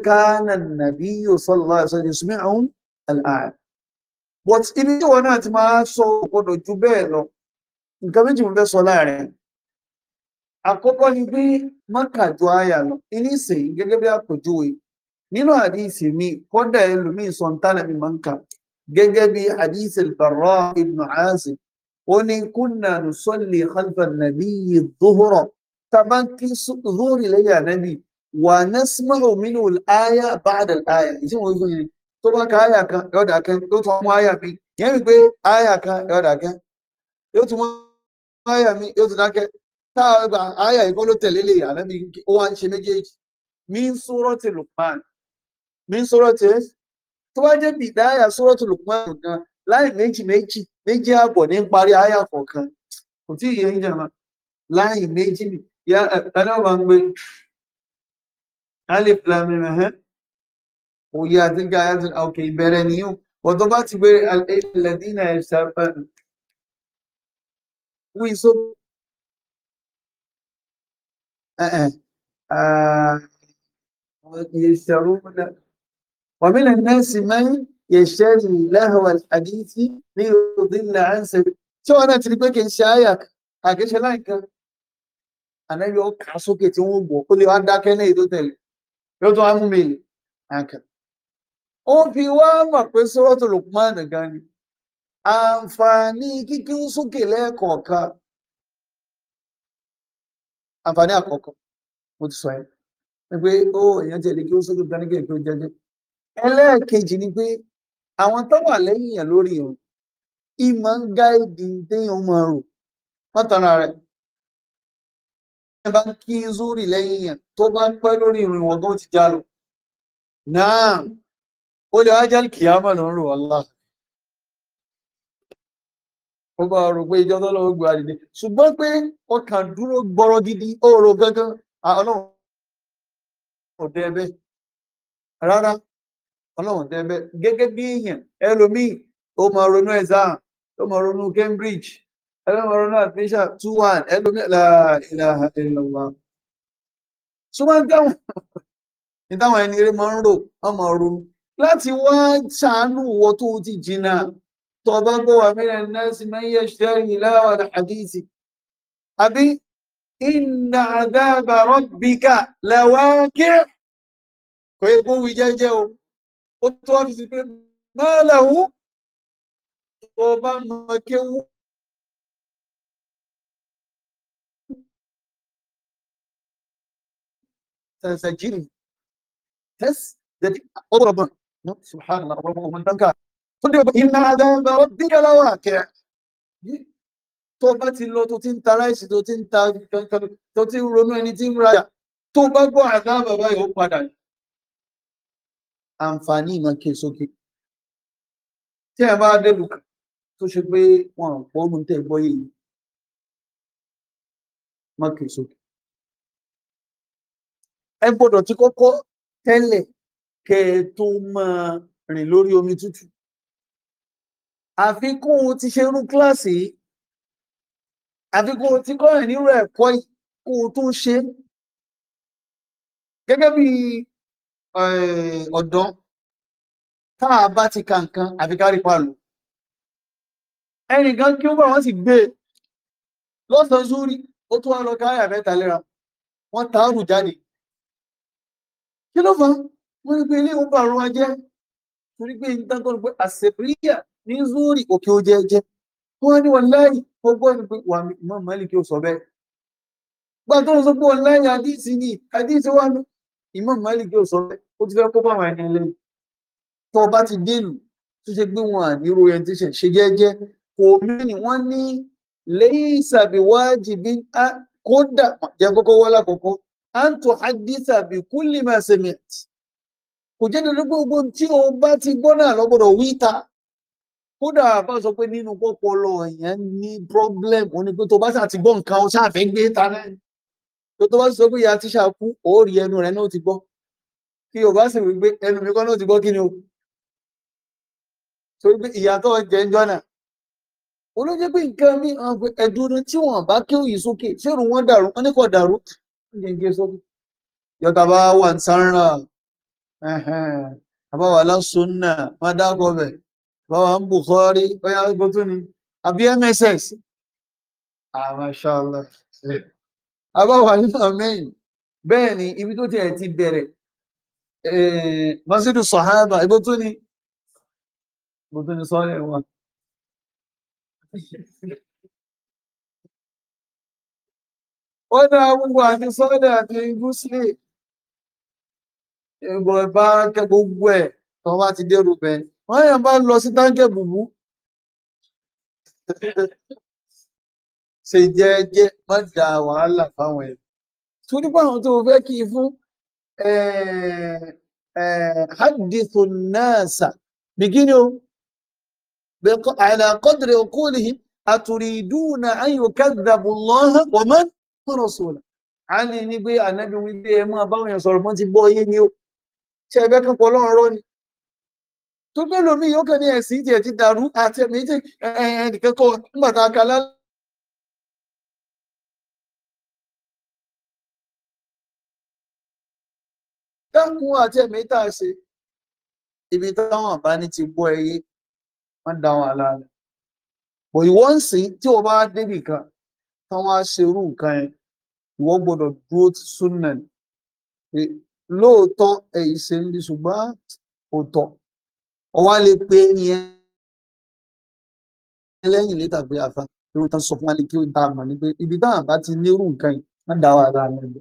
كان النبي صلى الله عليه وسلم يسمعهم الان but ibi tí wọn náà ti máa sọ ògbọ́dọ̀ ju bẹ́ẹ̀ lọ nǹkan méjì mo fẹ́ sọ láàrin àkọ́kọ́ ni pé mọ́kà ju àyà lọ ilé ìsìn gẹ́gẹ́ bí àpèjúwe nínú àdìsí mi kọ́dà ẹlòmíín sọ ntánà mi máa ń kà gẹ́gẹ́ bí àdìsí Barra ibn Azib ó ní kunna nusalli khalfa an-nabiyyi dhuhra tabanki dhuhri lẹ́yìn ànábì wa nasma'u minhu al-aya ba'da al-aya ìṣe wọn yóò yẹn tó bá ka àyà kan yóò ké yóò tún mú àyà mi yẹn rí pé àyà kan yóò ké, yóò tún mú àyà mi yóò tún dákẹ́ a gba àyà ìbọn ló tẹ̀lé lè yàrá mi ó wá ń ṣe méjèèjì mi ń sọ̀rọ̀ ti mi ń sọ̀rọ̀ ti tó bá jẹ́ àyà sọ̀rọ̀ ti gan méjì méjì méjì ní àyà kọ̀ọ̀kan kò tí ì yẹ méjì òye àti gba òkè ìbẹ̀rẹ̀ nìyẹn wọ́n tó bá ti gbé lẹ́dínà ẹ̀ṣà wí só. يشترون ومن الناس من يشتري لهو الحديث ليضل عن سبيل شو انا تلقى كان شايك àkíṣe láìka ànábi ọkà sókè tí wọn gbọ́ ó lè wá dákẹ́ ní èyí tó tẹ̀lé yóò tó wá mú mi àkàrà ó fi wá mọ̀ pé sọ́rọ́tò Lukman ni àǹfààní kíkí sókè lẹ́ẹ̀kọ̀ọ̀kan àǹfààní àkọ́kọ́ mo ti sọ ẹ́ ni pé ó èèyàn tiẹ̀ kí ó sókè kí jẹ́jẹ́ ẹlẹ́ẹ̀kejì ni pé àwọn tó wà lẹ́yìn yẹn lórí ìrùn ìmọ̀ ń gáìdì téèyàn máa rò mọ́tàrà rẹ̀ ẹ bá ń kí zúrì lẹ́yìn yẹn tó bá ti já lọ ó lè wá jẹ́ kìámà ló ń rò Allah ó bá rò pé ìjọ tó lọ́wọ́ gbà dìde ṣùgbọ́n pé ọkàn dúró gbọ́rọ̀ gidi ó rò ọlọ́run ò dé rárá ọlọ́run dé gẹ́gẹ́ bí èèyàn ẹlòmíì ó máa ronú exam ó máa ronú Cambridge ronú àfíṣà láti wá ṣàánú wọ tó ti jìnnà tó bá gbọ́ wà mílẹ̀ nẹ́ẹ̀sì mẹ́yẹ ṣẹ́rì ìlàwà àdìsí àbí iná àdáàbà rọ́bìkà lẹ́wàákẹ́ kò yẹ kó wí jẹ́jẹ́ o ó tó wá fi sí pé máa lẹ́hu tó bá mọ kéwú. Tẹ̀sẹ̀ jìnnì tẹ́sí ọ̀rọ̀ bọ̀n. سبحان الله ọ̀pọ̀lọpọ̀ ọmọ dáńkà tó dé ọ̀pọ̀ iná àdáńgbà ó dé ọlọ́wọ́ àkẹ́ tó bá ti lọ tó ti ń ta ráìsì tó ti ń ta kankan tó ti ń ronú ẹni tí ń rajà tó bá gbọ́ àdá bàbá yóò padà ní. àǹfààní ìmọ̀ kí sókè tí ẹ bá dẹ́lu kan tó ṣe pé wọn ò pọ̀ ohun tẹ́ gbọ́ yìí mọ̀ kí sókè. ẹ gbọ́dọ̀ ti kọ́kọ́ tẹ́lẹ̀ kẹ ẹ tó máa rìn lórí omi tútù àfikún ti ṣe irú kíláàsì yìí àfikún ti kọ́ ẹ̀ nírú ẹ̀kọ́ yìí kó o tó ṣe gẹ́gẹ́ bí ọ̀dọ́ tá a bá ti ka nǹkan àfi ká rí palù ẹnìkan kí ó bá wọn sì gbé e lọ́sàn-án sórí ó tún wá lọ ká àyà mẹ́ta wọ́n ta á rù jáde kí ló fà á wọ́n rí pé ilé ìwọ̀n bá àrùn ajẹ́ torí pé ìdánkọ́ ni pé àṣẹ̀pìlíyà ní zúrì òkè ó jẹ́jẹ́ wọ́n ní wọ́n láì ọgbọ́n ni pé wà mọ́ mọ́lì kí ó sọ bẹ́ẹ̀ gbà tó ń sọ pé wọ́n láì àdíìsì ni àdíìsì wà ní ìmọ̀ mọ́lì kí ó sọ bẹ́ẹ̀ ó ti fẹ́ kó bá àwọn ẹni ẹlẹ́yìn tó bá ti délù tó ṣe gbé wọn àní orientation ṣe jẹ́jẹ́ kò mí ni wọ́n ní lẹ́yìn ìsàbíwájì bí kódà jẹ́ kókó wọ́lá kókó à ń tó hadisa bí kúlì máa ṣe kò jẹ́ dandan gbogbo tí o bá ti gbọ́ náà lọ́gbọ́dọ̀ wí ta kódà bá sọ pé nínú pọ́pọ́lọ èèyàn ní problem ó ní pé tó bá sà ti gbọ́ nǹkan o ṣáàfẹ́ gbé ta náà tó tó bá sọ pé ìyá tíṣà kú ó rí ẹnu rẹ náà ti gbọ́ kí o bá sì wí pé ẹnu mi kọ́ náà ti gbọ́ kí ni o torí pé ìyá tó ń jẹ olóyè pé nǹkan mi ẹ̀dùn tí wọ́n bá kí òyìn sókè ṣé ìrùn wọn dàrú wọn ní kò dàrú yọ̀tà bá wà ń sáárà àbáwà lásùnà má dákọ bẹ àbáwà ń Bukhari ọyá gbótó ni àbí mss àmàṣàlá ah, àbáwà nípa mẹ́yìn bẹ́ẹ̀ ni ibi tó tiẹ̀ ti bẹ̀rẹ̀ eh, masidu sahaba igbótó ni gbótó ni sọ́ọ̀lẹ̀ wọn ó dá gbogbo àti sọ́ọ̀lẹ̀ àti gúúsùlẹ̀ ẹgbọ bá kẹ gbogbo ẹ tó wá ti dérú bẹ wọn yàn bá lọ sí táǹkẹ bùbú ṣe jẹ́ẹ́jẹ́ má da wàhálà fáwọn ẹ torí pé àwọn tó fẹ́ kí i fún hadithu nasa bikini o ala qadri uqulihim aturiduna an yukadhabu Allaha wa man wa rasulahu. a ní ní pé ànábi wípé ẹ máa báwọn sọ̀rọ̀ ti bọ́ yé ni o. ṣe ẹgbẹ́ kan pọ̀ ọlọ́run rọ́ ni tó pé lómi yóò kàn ní ẹ̀sìn ìdí ẹ̀ ti dàrú àti ẹ̀mí tí ẹnìkan kọ nígbà tá a kà dákun àti ẹ̀mí tá a ṣe ibi táwọn àbá ní ti gbọ́ ẹyẹ wọ́n dá wọn aláàlẹ̀. bò ìwọ ń sìn tí o bá débì kan táwọn á ṣerú nǹkan yẹn ìwọ gbọ́dọ̀ dúró ti lóòótọ́ ẹ̀yìn ṣe ń bí ṣùgbọ́n òótọ́ ọwá lè pe ìyẹn lẹ́yìn létà pé àfa irú tán sọ fún wa ní kí ó dá a mọ̀ ní pé ibi táwọn bá ti nírú nǹkan yìí wọ́n dá wa ara rẹ̀ lọ.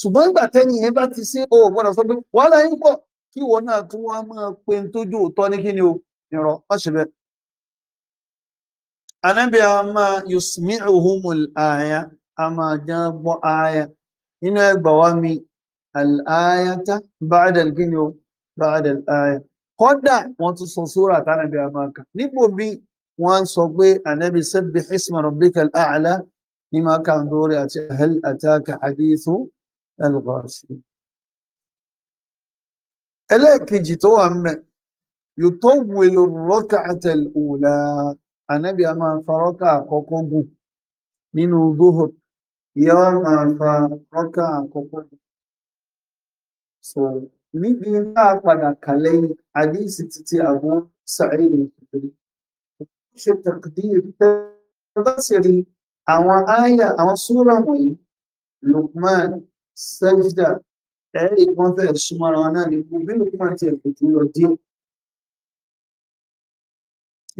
ṣùgbọ́n ìgbà tẹ́yìn yẹn bá ti ṣe o gbọ́dọ̀ sọ pé wàhálà yín pọ̀ kí ìwọ náà tún wá máa pe ń tójú òótọ́ ní kíni o ìrọ̀ ọ̀ṣẹ̀bẹ̀. anábì àmà yusmi'uhumul àyà àmà jẹ́ gbọ́ àyà nínú ẹgbàá wa mi àláyátá báadẹ̀ gíní o báadẹ̀ àyà kọ́dà wọ́n tún sọ sóra tánàbí àmàkà nípò bí wọ́n sọ pé ànábì sẹ́bì isma rabbika al-a'la ní máa kà ń dórí àti hal ataka hadithu al-ghasi ẹlẹ́ẹ̀kejì tó wà mẹ́ yutawwilu ar-rak'ata al a máa fa rọ́kà àkọ́kọ́ gùn nínú zuhur yóò máa fa rọ́kà àkọ́kọ́ gùn so níbi náà padà kà lẹ́yìn àdéhìsì títí àwọn sàárè ìpínlẹ̀ ṣe tàkìdí ìpínlẹ̀ bá sì rí àwọn àyà àwọn súra wọ̀nyí Lukman sẹ́jìdá ẹ̀rí kan fẹ́ súnmọ́ra wọn náà ní bí Lukman ti ẹ̀kọ́ tó lọ díẹ̀.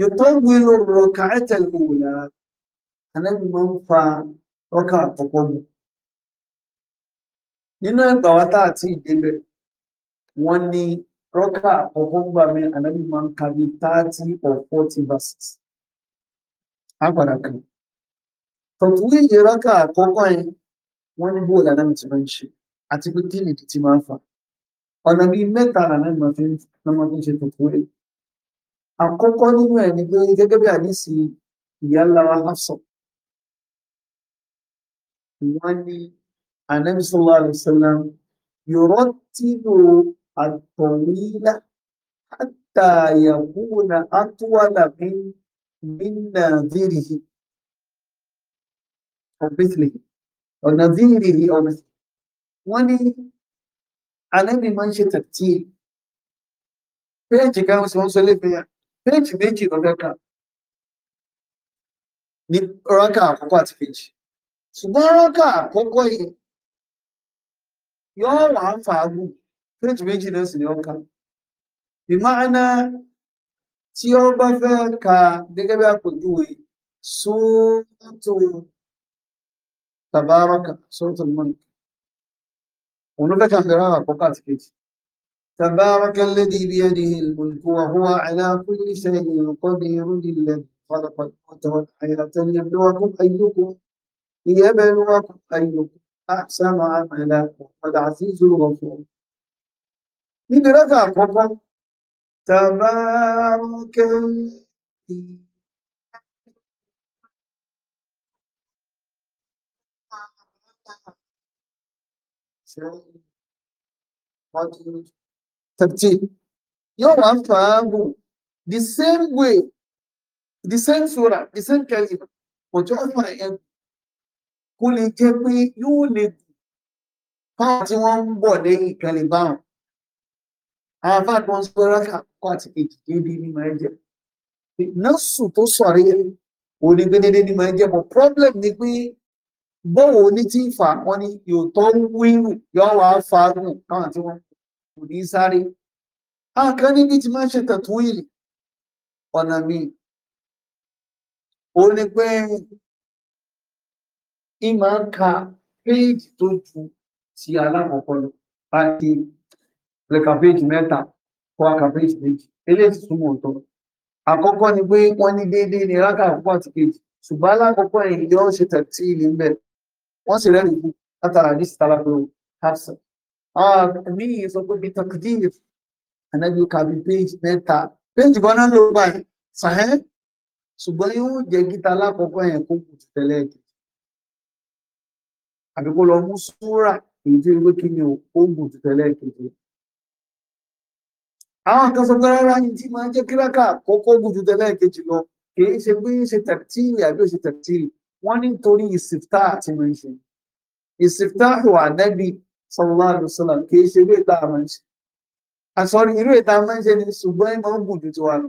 يطول الركعة الأولى أنا من ركعة تقوم nínú ẹgbà wa tá àti ìdébẹ wọn ní rọkà àkọ́kọ́ gbà mí ànábì máa ń ka bí thirty or forty verses àpàdà kan tọ̀tún yìí rọkà àkọ́kọ́ yẹn wọn ní bóòlù ànábì ti máa ń ṣe àti pé kí nìdí ti máa ń fà ọ̀nà bíi mẹ́ta làná ìmọ̀ fi ń lọ́mọ tó ń ṣe tòkú rẹ̀ àkọ́kọ́ nínú ẹ̀ ni pé gẹ́gẹ́ bí àdísì ìyá ńlá wa Hafsọ wọ́n ní anabi sallallahu alayhi wa sallam yurtilu at-tawila hatta yakuna atwala min min nadhirihi aw mithlihi aw nadhirihi aw mithlihi wọ́n ní anabi máa ń ṣe tàbí péèjì kan sì wọ́n sọ lẹ́gbẹ̀ẹ́ péèjì méjì lọ́dọ̀ kan ní rákà àkọ́kọ́ àti kejì ṣùgbọ́n rákà àkọ́kọ́ yìí yóò wà ń fàágùn péjì méjì náà sì ni ó ka ìmáàná tí ó bá fẹ́ ka gẹ́gẹ́ bí àpèjúwe sóòtò tàbáraka sóòtò mọ́nì òun ló fẹ́ ka fẹ́ràn àkọ́kọ́ àti kejì تبارك الذي بيده الملك وهو على كل شيء قدير الذي خلق الموت والحياة ليبلوكم أيكم ليبلوكم أيكم أحسن عملا وقد عزيز الغفور نيجي ركعة قبل تبارك ترتيب يوم أنفعه the same way the same surah the same كلمة وتعفى kó lè jẹ́ pé yóò lè fáwọn tí wọ́n ń bọ̀ dé ìkẹlẹ̀ báwọn àwọn fáwọn tó ń sọ rákà kọ́ àti kejì déédéé ní máa jẹ́ nọ́ọ̀sù tó sọ̀rí òní ní máa jẹ́ bọ̀ problem ni pé bọ́wọ̀ ní tí ń fà wọ́n ní yòótọ́ ń wíwù yọ́ wà á farun káwọn tí wọ́n kò ní sáré àwọn kan níbi tí máa ń ṣe tẹ̀túwìlì ọ̀nà míì ó ní pé ì máa ń ka péèjì tó ju ti alákọ̀ọ́kọ́ lọ bá ti lè ka péèjì mẹ́ta kó a ka péèjì méjì eléyìí ti ọ̀tọ̀ àkọ́kọ́ ni pé wọ́n ní déédéé ní rákà àkọ́kọ́ àti kejì ṣùgbọ́n alákọ̀ọ́kọ́ yìí yóò ṣe tẹ̀tí ilé ń bẹ̀ wọ́n sì rẹ́rìn kú látara ní sitara o hapsa mi yìí sọ pé bíi takdíìr ànábi kàbí péèjì mẹ́ta péèjì kan náà ló gbà sàhẹ́ ṣùgbọ́n yóò jẹ́ gíta alákọ̀ọ́kọ́ yẹn kó kù tẹ̀lé ẹ̀kẹ́ àbí kó lọ mú súrà èyí tí wípé kí ni ó gùn ti tẹ̀lé kejì àwọn kan sọ pé rárá yìí tí máa ń jẹ́ kíráka kókó gùn ju tẹ̀lé kejì lọ kì í ṣe pé ṣe tẹ̀tírì àbí ó ṣe tẹ̀tírì wọ́n ní nítorí ìsìftá àti máa ń ṣe ìsìftá wà nẹ́bí sallallahu alaihi wasallam kì í ṣe ilé ìta máa ń ṣe àsọrí irú ìta máa ń ṣe ni ṣùgbọ́n ẹ̀ máa ń gùn ju tiwa lọ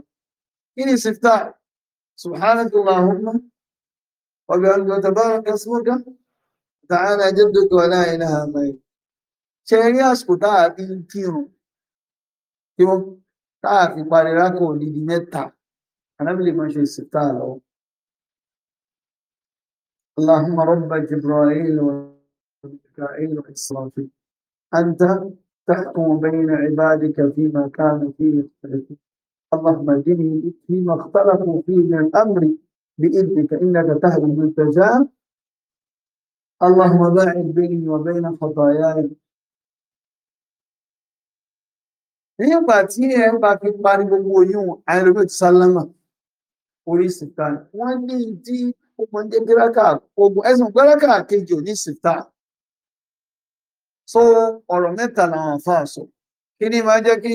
kí ni ìsìftá subhanakallahumma wa bihamdika tabaraka ismuka تعالى جدك ولا إله غيره ṣe rí àsìkò táà fi ń kírun tí wọ́n táà انا بلي rákò nídi اللهم رب جبرائيل وميكائيل وإسرافيل أنت تحكم بين عبادك فيما كانوا فيه يختلفون اللهم اهدني فيما اختلفوا فيه من الأمر بإذنك إنك تهدي من تشاء اللهم باعد بيني وبين خطاياي ní ìgbà tí ẹ bá fi parí gbogbo oyún àìrògbé ti sálámà orí sìta wọn ní ìdí ọmọdé gíráàkà ogun ẹsùn gíráàkà kejì ò ní sìta so ọ̀rọ̀ mẹ́ta làwọn àfa sọ kí ni máa jẹ́ kí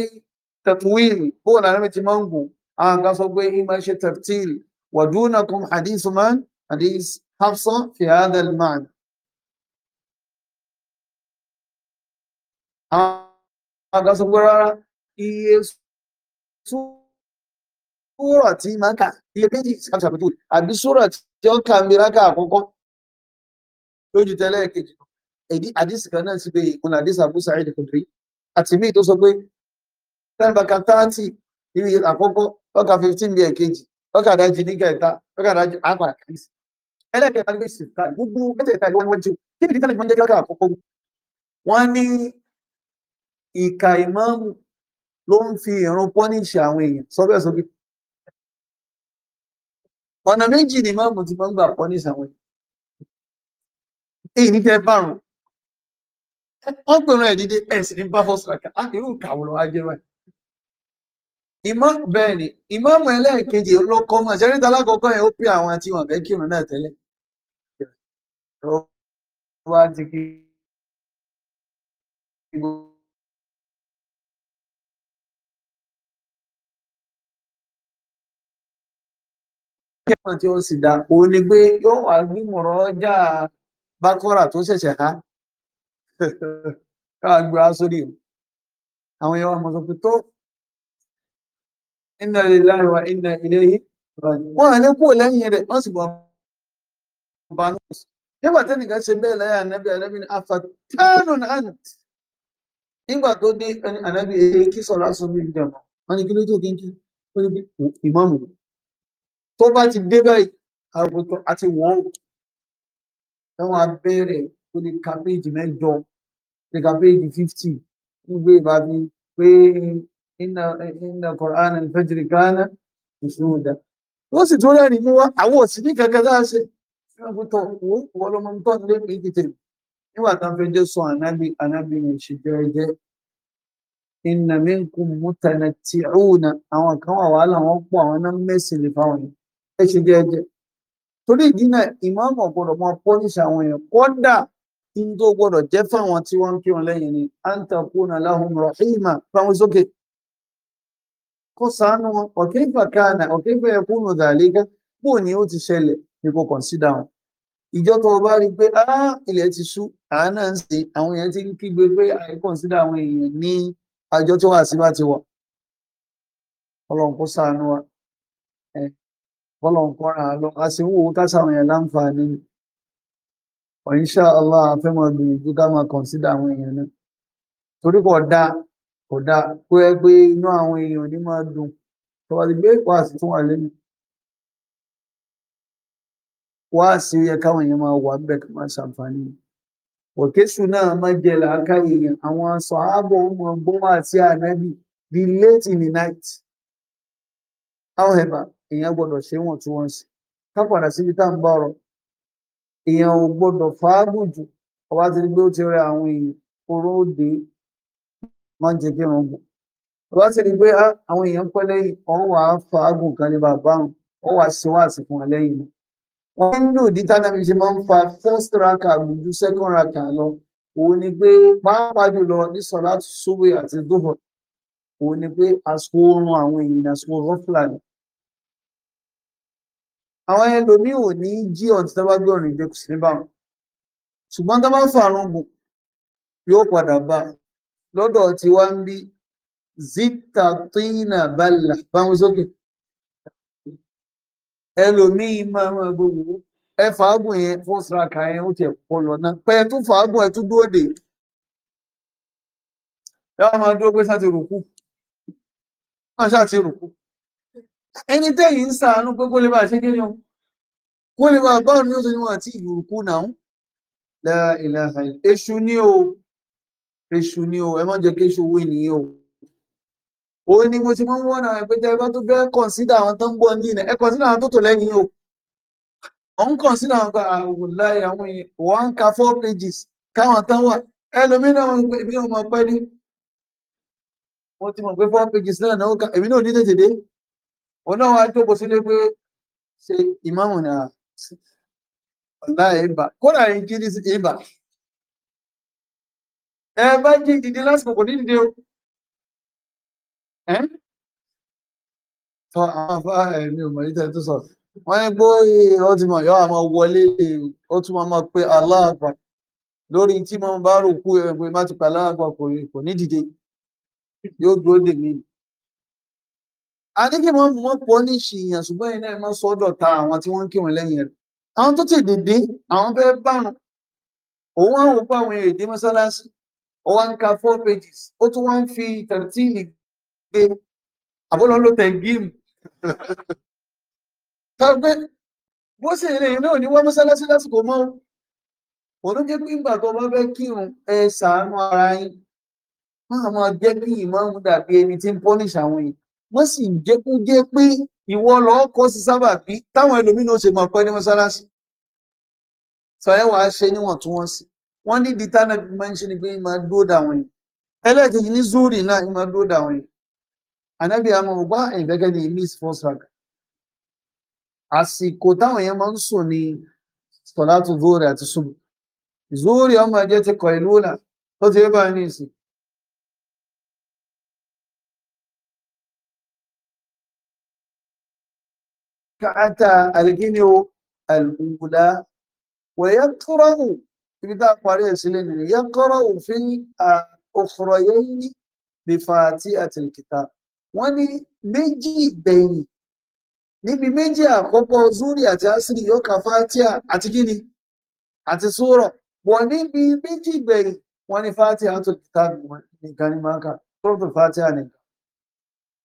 tẹtuwìlì bóun àrẹ ti máa ń gùn àwọn kan sọ pé ìmọ̀ ṣe tẹtìlì wàdúnà kan hadith man hadith àwọn àgbà sọ pé rárá iye súrọ̀ tí máa kà iye méjì ṣàpèjú àbí súrọ̀ tí ó kà mí rákà àkọ́kọ́ lójú tẹ́lẹ̀ kejì èdè àdìsí kan náà sí pé ìkùnà àdìsí Abu Sa'id al-Khudri àti míì tó sọ pé tẹ́lẹ̀ bá thirty ibi àkọ́kọ́ ọkà fifteen bí ẹ̀kejì ọkà dájú ní kẹta ọkà dájú àpà àkàlìsì ẹlẹ́kẹ̀ẹ́ta ló sì ta gbogbo mẹ́tẹ̀ẹ̀ta ìwọ́n wọ́n jù kí ni ìdí tẹ́lẹ̀ fi máa ń jẹ́ kí ìka ìmáàmù ló ń fi ìrun pọ́níṣì àwọn èèyàn sọ́bẹ̀sọ́bẹ̀ ọ̀nà méjì ni ìmáàmù ti máa ń gbà pọ́níṣì àwọn èèyàn èyí ní tẹ́ bárùn wọ́n pèrún ẹ̀ dídé ẹ̀sìn ní bá fọ́sùn àkà á irú ìkàwọ̀ lọ́wọ́ ajé rẹ̀ ìmáàmù bẹ́ẹ̀ ni ìmáàmù ẹlẹ́ẹ̀kejì ló kọ́ mọ̀ ṣẹ́rí talákọ̀ọ́kọ́ yẹn ó pè àwọn àti wọn bẹ́ẹ̀ kírun náà tẹ́lẹ̀ wá kẹ́kọ̀ọ́ tí ó sì dá òun ni pé yóò wá gbìmọ̀rọ̀ ọjà bákọ́rà tó ṣẹ̀ṣẹ̀ há káà gbé wá sórí àwọn èèyàn ọmọ sọ pé tó inna lillahi wa inna ilayhi wọ́n ní kúrò lẹ́yìn rẹ̀ wọ́n sì bọ̀ ọ̀bánú nígbà tí nìkan ṣe bẹ́ẹ̀ láyé ànábì ànábì ní àfàtánù náà nígbà tó dé ànábì èyí kí sọ̀rọ̀ aṣọ mi ìjọba wọ́n ní kí ló tó kí n kí ó ní bí ìmáàmù tó bá ti dé báyìí àgùntàn àti wọ́n ẹ̀wọ̀n abẹ́rẹ́ tó ní kàpéjì mẹ́jọ ní kàpéjì fifty nígbè bá mi pé iná iná Qur'an al-fajri kana ìṣúná wọ́n sì tó rẹ́rìn mú wá àwọn òsì ní kankan tá a ṣe àgùntàn wọ́n wọ́n lọ́mọ tó ń lé mi tètè nígbà tá a fẹ́ jẹ́ sọ ànábì ànábì yẹn ṣe jẹ́rẹ́jẹ́ inna minkum mutanatti'una àwọn kan wà wàhálà wọn pọ̀ àwọn náà mẹ́sìn fáwọn yẹn ẹ̀sìn jẹ́jẹ́ torí ìdí náà ìmáàmù gbọ́dọ̀ máa pọ́nìṣì àwọn èèyàn kọ́dà in tó gbọ́dọ̀ jẹ́ fáwọn tí wọ́n ń kírun lẹ́yìn ni antakuna lahum rahima fáwọn sókè kó sànú wọn ọ̀kẹ́fà kánà ọ̀kẹ́fà ẹ̀kúnnù dàlíkà bó ni ó ti ṣẹlẹ̀ ní kò kọ̀nsídà wọn ìjọ tó bá rí pé á ilẹ̀ ti ṣú àánà ń ṣe àwọn èèyàn ti ń kígbe pé àìkọ̀nsídà àwọn èèyàn ní àjọ tó wà sí ti wà ọlọ́run kó sànú wa kọ́lọ̀n kọ́ra lọ a sì ń wo kásáwọn yẹn láǹfààní insha Allah àfẹ́mọ̀ gbìyànjú ká máa consider àwọn èèyàn náà torí kò dá kò dá kó yẹ pé inú àwọn èèyàn ní máa dùn tó bá ti gbé wáàsí tún wà lẹ́nu wáàsí yẹ káwọn èèyàn máa wà bẹ́ẹ̀ ká máa ṣàǹfààní òkèṣù náà máa jẹ làákà èèyàn àwọn aṣọ ààbọ̀ ọmọ ọgbọ́n àti ànábì the late in the night however èèyàn gbọ́dọ̀ ṣe wọ̀ntúnwọ̀nsì ká padà síbi tá à ń bá ọ̀rọ̀ èèyàn ò gbọ́dọ̀ fàágùn jù ọba ti rí pé ó ti rẹ àwọn èèyàn oró òde má jẹ kí wọn gùn ọba ti rí pé àwọn èèyàn pẹ́ lẹ́yìn ọ̀hún wàá fàágùn kan ní bàbá wọn ó wàá ṣe wá àsìkò wọn lẹ́yìn náà wọn ń lò ní tánàbí ṣe máa ń fa first raka ju second raka lọ òun ni pé pàápàá jùlọ ní sọlá ṣubú àti dóhùn òun ni pé àsìkò oorun àwọn èèyàn àsìkò rọfúlà ni àwọn ẹlòmíì ò ní jí ọ̀tí tó bá gbé ọ̀rìn ìjẹ kò sí ní báwọn ṣùgbọ́n tó bá fàrùn gùn yóò padà bá lọ́dọ̀ tí wá ń bí zita tina bala báwọn sókè ẹlòmíì máa máa gbogbo ẹ fàágùn yẹn fọ́sra kà yẹn ó tiẹ̀ pọ̀ lọ́nà pẹ́ ẹ tún fàágùn ẹ tún dúró dè ẹ máa dúró pé sáti ti rùkú ẹni tẹ́yìn ń sàánú pé kó lè bá ṣe kí ni o kó lè bá báwọn ní oṣù níwọ̀n àti ìlú kú náà láìláha èṣù ni o èṣù ni o ẹ má jẹ́ kí èṣù wé ni o ó ní mo ti máa ń wọ́n náà pé tẹ́ ẹ bá tó fẹ́ kọ̀ǹsídà àwọn tó ń gbọ́ ní ilẹ̀ ẹ kọ̀ǹsídà àwọn tó tò lẹ́yìn o òun kọ̀ǹsídà àwọn kan ah, àwọn láì àwọn wọ́n ń ka four pages káwọn tán wà ẹlòmíràn wọn náà ní tètè dé ọlọ́run á jókòó sílé a ṣe ìmáàmù ¿Eh? ah, ah, eh, ni ọ̀la ìbà kódà yìí kí ní ìbà ẹ bá jí ìdílé lásìkò kò ní ìdílé o tọ́ àwọn afá ẹ̀mí ò mọ̀ ní tẹ́tù sọ wọ́n ní gbó ọ ti mọ̀ yọ àmọ́ wọlé ma pe ti a ní kí wọ́n wọ́n pọ̀ ní ṣìyàn ṣùgbọ́n iná ẹ̀mọ́ sọ́dọ̀ ta àwọn tí wọ́n ń kírun lẹ́yìn rẹ̀ àwọn tó ti dìde àwọn fẹ́ bárun òun àwọn òpó àwọn èdè mọ́sálásí ó wá ń ka four pages ó tún wá ń fi tẹ̀rẹ̀tìlì gbé àbúrò ló tẹ̀ gíìmù tàbí bó sì rìn náà ní wọ́n mọ́sálásí lásìkò mọ́ òun ló jẹ́ pé ìgbà tó bá fẹ́ kírun ẹ ṣàánú ara yín wọ́n á máa jẹ́ kí ìmáàmù dàbí ẹni tí ń pọ́nìṣ àwọn èèyàn wọ́n sì ń jẹ́ kó jẹ́ pé ìwọ lọ kọ́ sí sábà bí táwọn ẹlòmínú ṣe mọ̀ pé ní mọ́sálásí sọ̀rọ̀ wàá ṣe níwọ̀ntúnwọ̀nsì wọ́n ní ìdítánà bí máa ń ṣe ni pé máa dúró dáwọn yìí ẹlẹ́ẹ̀kejì ní zúrì náà máa dúró dáwọn yìí ànábì àmọ́ ọgbà ìgbẹ́gẹ́ ní miss fosrak àsìkò táwọn yẹn máa ń sùn ní sọ̀látù zúrì àti ṣubú zúrì ọmọ ẹjẹ́ ti kọ̀ ìlú náà tó ti rí báyìí ní ìsìn kàtà àlìkíní o àlùmùlá wẹ̀yẹ kọ́rọ̀ ò ibi tá a parí ẹ̀ sílẹ̀ nìyẹn yẹ kọ́rọ̀ ò fi ọ̀fọ̀rọ̀ yẹn ní bífa àti àtìlìkìtà wọ́n ní méjì gbẹ̀yìn níbi méjì àkọ́kọ́ zuri àti asiri yóò kà fatia àti kíni àti sùúrọ̀ wọ́n níbi méjì gbẹ̀yìn wọ́n ní fatia àtìlìkìtà nìkan ní máa kà tó fatia nìkan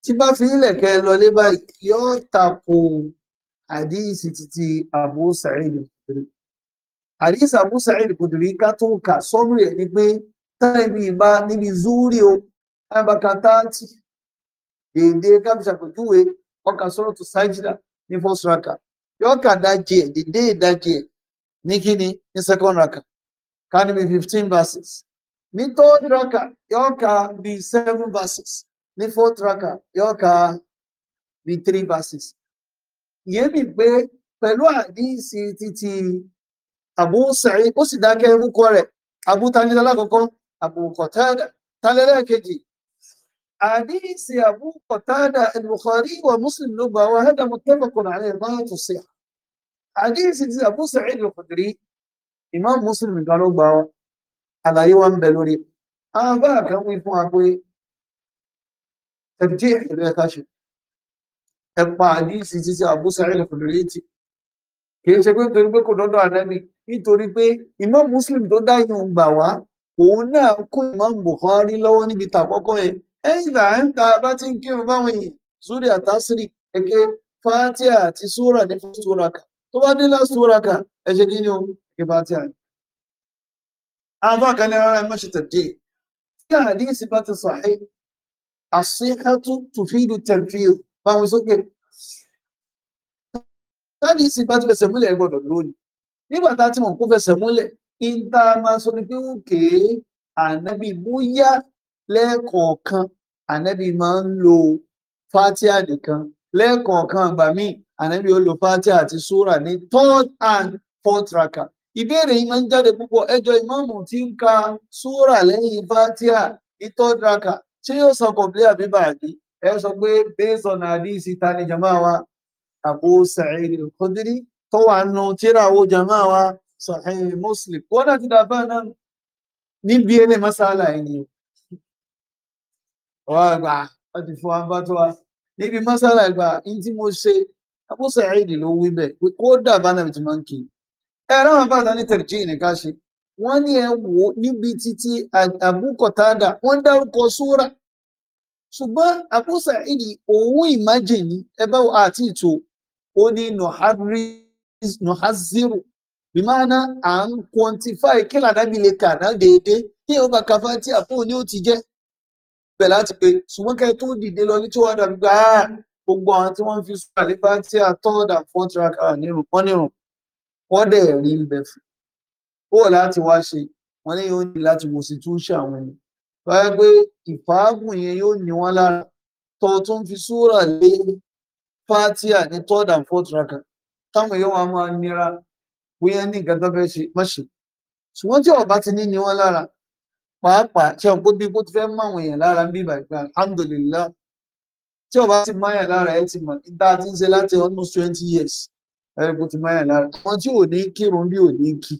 tí bá fi ilẹ̀ kẹ lọlé báyìí yóò tako àdíìsì títí Abu Sa'id Khudri àdíìsì Abu Sa'id Khudri ká tó kà sọ́nù ẹ̀ ni pé táìmì ìbá níbi zúúrì o àbàkà táàtì èdè kábíṣàpèjúwe ọkà sọ́rọ̀ tó sájìdá ní first raka yọkà dájì ẹ̀ dédé ìdájì ẹ̀ ní kíni ní second raka ká níbi fifteen verses ní third raka yọkà bí seven verses ní fourth raka yọkà bí three verses ìyẹn bì pé pẹ̀lú àdíìsì títí Abu Sa'id ó sì dákẹ́ orúkọ rẹ̀ Abu tanidá lákọ̀ọ́kọ́ Abu Qatada tálẹ́lẹ́kejì àdíìsì Abu Qatada al-Bukhari wa Muslim ló gbà wá hada muttafaqun alayhi tó sí àdíìsì ti Abu Sa'id al-Khudri Imam Muslim ló gbà wá àlàyé wa ń bẹ lórí àwọn bá àkànwé fún wa pé tẹ̀jẹ́ ìlú ẹ̀ka ẹ̀pà àdíìsì títí àbúsáré ìfòlórétì kìí ṣe pé torí pé kò dọ́dọ̀ ànábì nítorí pé ìmọ̀ muslim tó dáyìn ń gbà wá òun náà kó ìmọ̀ Bukhari lọ́wọ́ níbi tàkọ́kọ́ yẹn ẹ̀yìnlá ń ta bá ti ń kírun báwọn èèyàn sórí àtàsírì ẹ̀kẹ́ fatia àti sóra ní fún sóra kan tó bá dé láti sóra kan ẹ ṣe kí ni o ẹ̀kẹ́ fatia ni. àwọn kan ní rárá ẹ má ṣe tẹ̀dé tí àdíìsì bá ti sàhẹ́ àṣíkátú tùfíìlù tẹ̀fíìlù báwọn sókè táàdì ìsìn bá ti fẹsẹ̀ múlẹ̀ gbọ́dọ̀ lónìí nígbà tá a ti mọ̀ kó fẹsẹ̀ múlẹ̀ ìta máa sọ ni pé ó kéé ànábì bóyá lẹ́ẹ̀kọ̀ọ̀kan ànábì máa ń lo fatia nìkan lẹ́ẹ̀kọ̀ọ̀kan àgbà míì ànábì ó lo fatia àti sura ní third and fourth raka ìbéèrè yìí máa ń jáde púpọ̀ ẹjọ́ ìmáàmù tí ń ka sura lẹ́yìn fatia ní third raka ṣé yóò sọ kọ̀ọ̀bí àbí bàbí ẹ sọ pé based on hadith tani jamaa wa Abu Sa'id al-Khudri tó wà nù tíra wo jamaa wa Sahih Muslim wọ́n náà ti dà bá náà níbi ẹni masala ẹni wọ́n gbà wọ́n ti fún wa bá tó wa níbi masala ìgbà ní tí mo ṣe Abu Sa'id ló wí bẹ́ẹ̀ kó dà bá náà ti máa ń kí ẹ̀rọ àwọn bá ta ní tẹ̀rìjì nìkan ṣe wọ́n ní ẹ wò níbi títí Abu Qatada wọ́n dárúkọ súra ṣùgbọ́n àbúsà ìdí òun ìmájìní ẹbá àti ìtò ó ní nùhazírù bí máa ná à ń quantify kí làdábì lè kà náà déédéé kí ó bá kàfá tí àpò ní ó ti jẹ́ bẹ̀ láti pé ṣùgbọ́n kẹ́ tó dìde lọ ní tí wọ́n dàbí gbà á gbogbo àwọn tí wọ́n fi sùn àlébá tí a third and fourth tracker nírun wọ́n nírun wọ́n dẹ̀ rí ń bẹ̀ fún ó láti wá ṣe wọ́n ní ó ní láti wo situation àwọn ènìyàn báyẹ̀ pé ìfàágùn yẹn yóò ní wọn lára tó tún fi súrà lé fátíà ní third and fourth raka táwọn èèyàn wọn máa nira bóyá ní nǹkan tó fẹ́ ṣe má ṣe ṣùgbọ́n tí ọba ti ní ní wọn lára pàápàá tí ọkọ bí kó ti fẹ́ mọ àwọn èèyàn lára ń bí ìbàgbà alhamdulillah tí ọba ti máyà lára ẹ ti mọ ìdá tí ń ṣe láti almost twenty years ẹni kó ti máyà lára àwọn tí ò ní kírun bí ò ní kí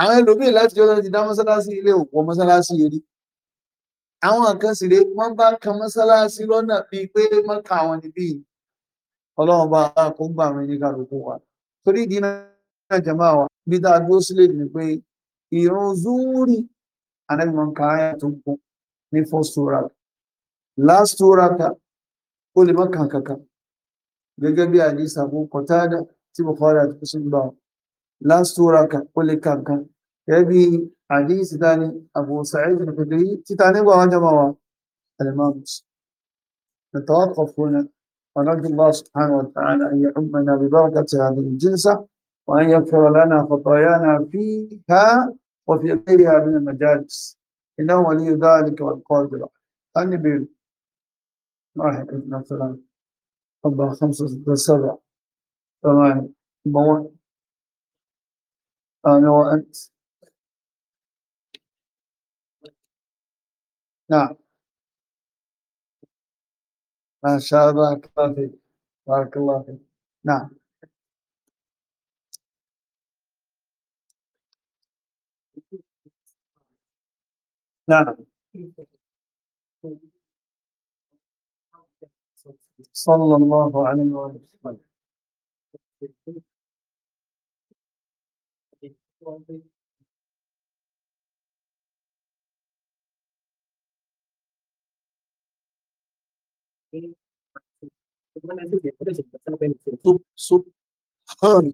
àwọn ẹlòmíín láti jọ́ láti dá mọ́sálásí ilé òpó mọ́sálásí eré àwọn kan sì lè wọ́n bá kan mọ́sálásí lọ́nà bíi pé mọ́ka àwọn níbí ọlọ́run bá kó gbà àwọn ẹni kálukú wa torí ìdí náà jẹ̀mọ́ bí tá dúró sílẹ̀ ni pé ìrun zúúrì ànábì mọ́ ká ayà tó kú ní first raka last raka ó lè mọ́ka kankan gẹ́gẹ́ bí àdìsá fún kọ́tádà tí mo kọ́ ọ́ dà tó sì ń last raka ó lè kankan gẹ́gẹ́ bí حديث ثاني أبو سعيد الخدري تتعني بها جماعة الإمام مسلم نتوقف هنا ونرجو الله سبحانه وتعالى أن يحبنا ببركة هذه الجلسة وأن يغفر لنا خطايانا فيها وفي غيرها من المجالس إنه ولي ذلك والقادر النبي واحد اثنين مثلا أربعة خمسة ستة سبعة ثمانية أنا وأنت نعم ما شاء الله بارك الله فيك بارك الله فيك نعم نعم صلى الله عليه وسلم sub hàn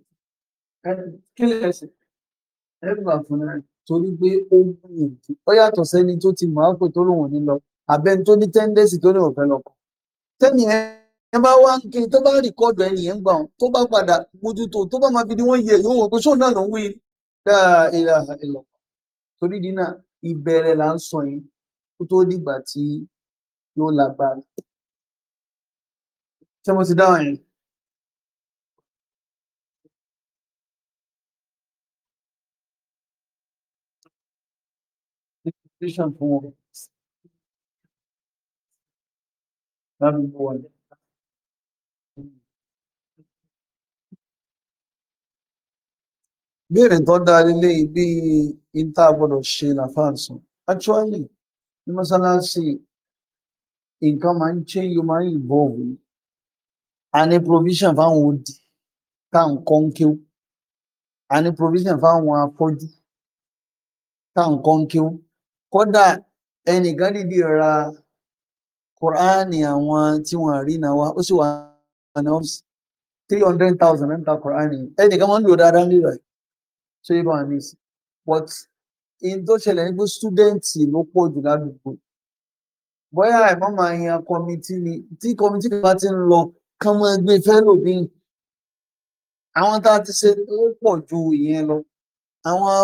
kí lè ṣe ẹ gbà fún ẹ torí pé ó wù ó yàtọ̀ sẹ́ni tó ti mọ̀ọ́kù tó lòun ní lọ abẹ́ni tó ní tẹ́ńdẹ́sì tó ní òfẹ́ lọ kọ́ tẹ́ni ẹ ẹ bá wá ń kiri tó bá rìkọ́dù ẹ nìyẹn ń gbà wọn tó bá padà mójútó tó bá máa fi di wọ́n yẹ yóò wọ pé sóun náà ló ń wí ìlọ torí dínà ìbẹ̀rẹ̀ là ń sọ yìí kó tó dìgbà tí yóò lágbára ṣé mo ti dáhùn yẹn. Christian fún wọn. Láti fún wọn. Béèrè tó dáa nílé ibi ìta gbọ́dọ̀ ṣe làfáàsùn. Actually, ní mọ́sálásí, nǹkan máa ń ṣe yóò máa ń involve a ní provision fáwọn odi táwọn kọ́ńkéwó a ní provision fáwọn afọ́jú táwọn kọ́ńkéwó kódà ẹnìkan dìde ra kùránì àwọn tí wọ́n rí náà wá ó sì wà ní ọ́fíìsì three hundred thousand ń ta kùránì ẹnìkan máa ń lò dáadáa nílò ẹ̀ ṣé ibà ní sí but in tó ṣẹlẹ̀ ní pé stúdẹ̀ǹtì ló pọ̀ jù ládùúgbò bóyá ẹ̀ má máa yan kọ́mítì ni tí kọ́mítì kan bá ti ń lọ kán mọ́ gbé fẹ́lòmíì àwọn tá a ti ṣe ó pọ̀ ju ìyẹn lọ àwọn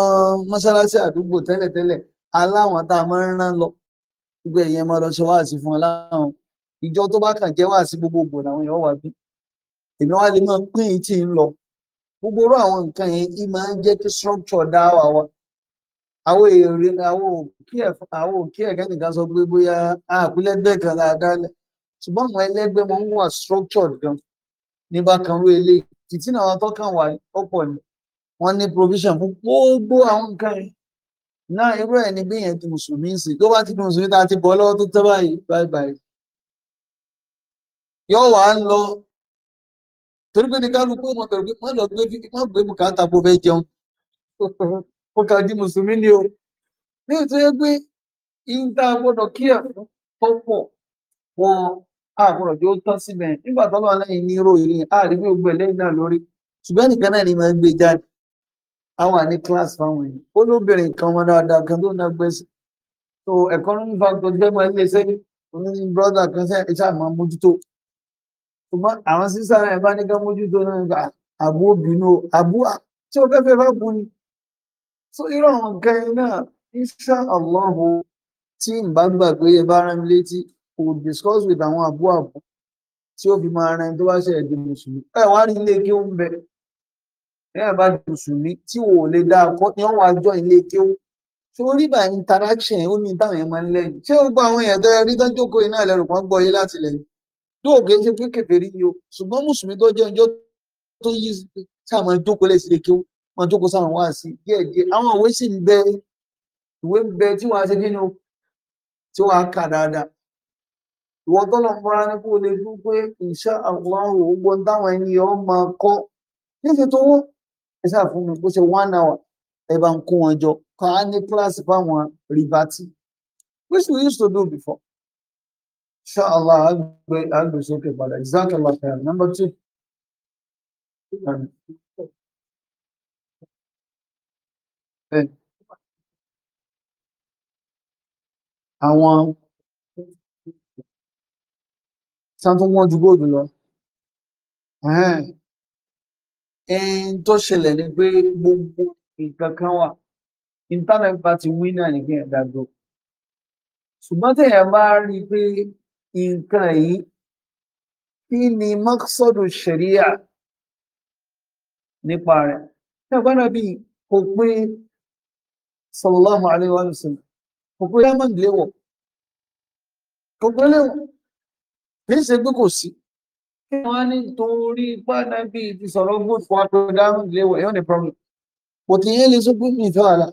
mọ́ṣáláṣí àdúgbò tẹ́lẹ̀tẹ́lẹ̀ aláwọn tá a máa ń rán lọ gbogbo ẹ̀yẹn máa lọ ṣe wáàsí fún aláwọn ìjọ tó bá kàn jẹ́ wáàsí gbogbogbò làwọn èèyàn wà bí èmi wá lè máa pín in tí ń lọ gbogbo orú àwọn nǹkan yẹn ì máa ń jẹ́ kí structure dá wà wá àwọn èrè àwọn òkí ẹ̀ àwọn òkí ẹ̀ kẹ́nìkan sọ pé bóyá àpilẹ̀gbẹ́ kan là á dálẹ̀ ṣùgbọ́n àwọn ẹlẹ́gbẹ́ wọn ń wà structured gan ní bákan ró ilé títí náà wọn tọ́kàn wà ọ̀pọ̀ ni wọ́n ní provision fún gbogbo àwọn nǹkan yẹn náà irú ẹ̀ ní gbìyànjú ti mùsùlùmí ń sìn tó bá ti mùsùlùmí tá a ti bọ́ lọ́wọ́ tó tẹ́ báyìí báyìí báyìí yóò wá ń lọ torí pé ní kálukú ọmọ bẹ̀rù pé wọ́n lọ gbé fi wọ́n gbé bùkátà bó fẹ́ jẹun ó kà di mùsùlùmí ni o ní ìtúyẹ́ pé ìta gbọ́dọ̀ kí ẹ̀ wọn àkùrọ̀ tí ó tán síbẹ̀ nígbà tó lọ́wọ́ lẹ́yìn ní ròyìn àrí bí gbogbo ẹlẹ́yìn náà lórí ṣùgbọ́n nìkan náà ni máa ń gbé jáde àwọn àní kíláàsì fáwọn èèyàn ó lóbìnrin kan wọn dáadáa kan tó ń dàgbẹ́ sí so economic factor jẹ́ mọ́ ilé iṣẹ́ oní brother kan sẹ́ ẹ̀ ṣáà máa mójútó ṣùgbọ́n àwọn sísá ẹ̀ bá ní ká mójútó náà ah, àbú obìnrin o àbú tí ah, o fẹ́fẹ́ bá bu ni so irú àwọn kẹrin náà insha Allah tí ìbá gbàgbé ẹ bá rán mi létí kò discuss with àwọn àbú àbú tí ó fi máa ran ẹni tó bá ṣe ẹ̀dí mùsùlùmí ẹ wọ́n á rí ilé kí ó ń bẹ ẹ bá di mùsùlùmí tí wò ó lè dá akọ ni wọ́n wá jọ ilé kí ó tó rí bá interaction ó ní táwọn èèyàn máa ń lẹ́yìn ṣé o gbọ́ àwọn èèyàn tó rí tó ń jókòó iná ẹ̀lẹ́rù kan gbọ́ yé láti lẹ́yìn tó òkè ṣe pé kèfèrí ni o ṣùgbọ́n mùsùlùmí tó jẹ́ ọjọ́ tó yí sáà máa jókòó lẹ́sí lè kí ó máa jókòó sáwọn wá sí díẹ̀ díẹ̀ àwọn o tí wọ́n ìwọ tọ́lọ̀ ń bọ́ra ní kó o lè dún pé insha Allah ògbọ́n táwọn ẹni ọ máa kọ́ níṣẹ́ tó wọ́ ẹ ṣáà fún mi bó ṣe one hour ẹ bá ń kó wọn jọ kà á ní kíláàsì fáwọn rìbátì which we used to do before. Insha Allah àgbẹ̀ àgbẹ̀ sókè padà exactly like that number two. Àwọn tán tó wọ́n ju góòlù lọ ẹn hmm. tó ṣẹlẹ̀ ni pé gbogbo nǹkan kan wà internet party winner nìkan ẹ̀dá gbọ́ ṣùgbọ́n tẹ̀yàn bá rí i pé nǹkan yìí kí ni maqsadu sharia nípa rẹ̀ ẹ̀gbọ́n náà bí kò pé sallallahu alaihi wa sallam kò pé diamond léwọ̀ kò pé léwọ̀ kì í ṣe pé kò sí kí wọ́n ní torí pàdé bí ti sọ̀rọ̀ good for program léwọ̀ ẹ̀yọ́ ní problem kò tí yẹn lè sọ pé mi ìfẹ́ àlà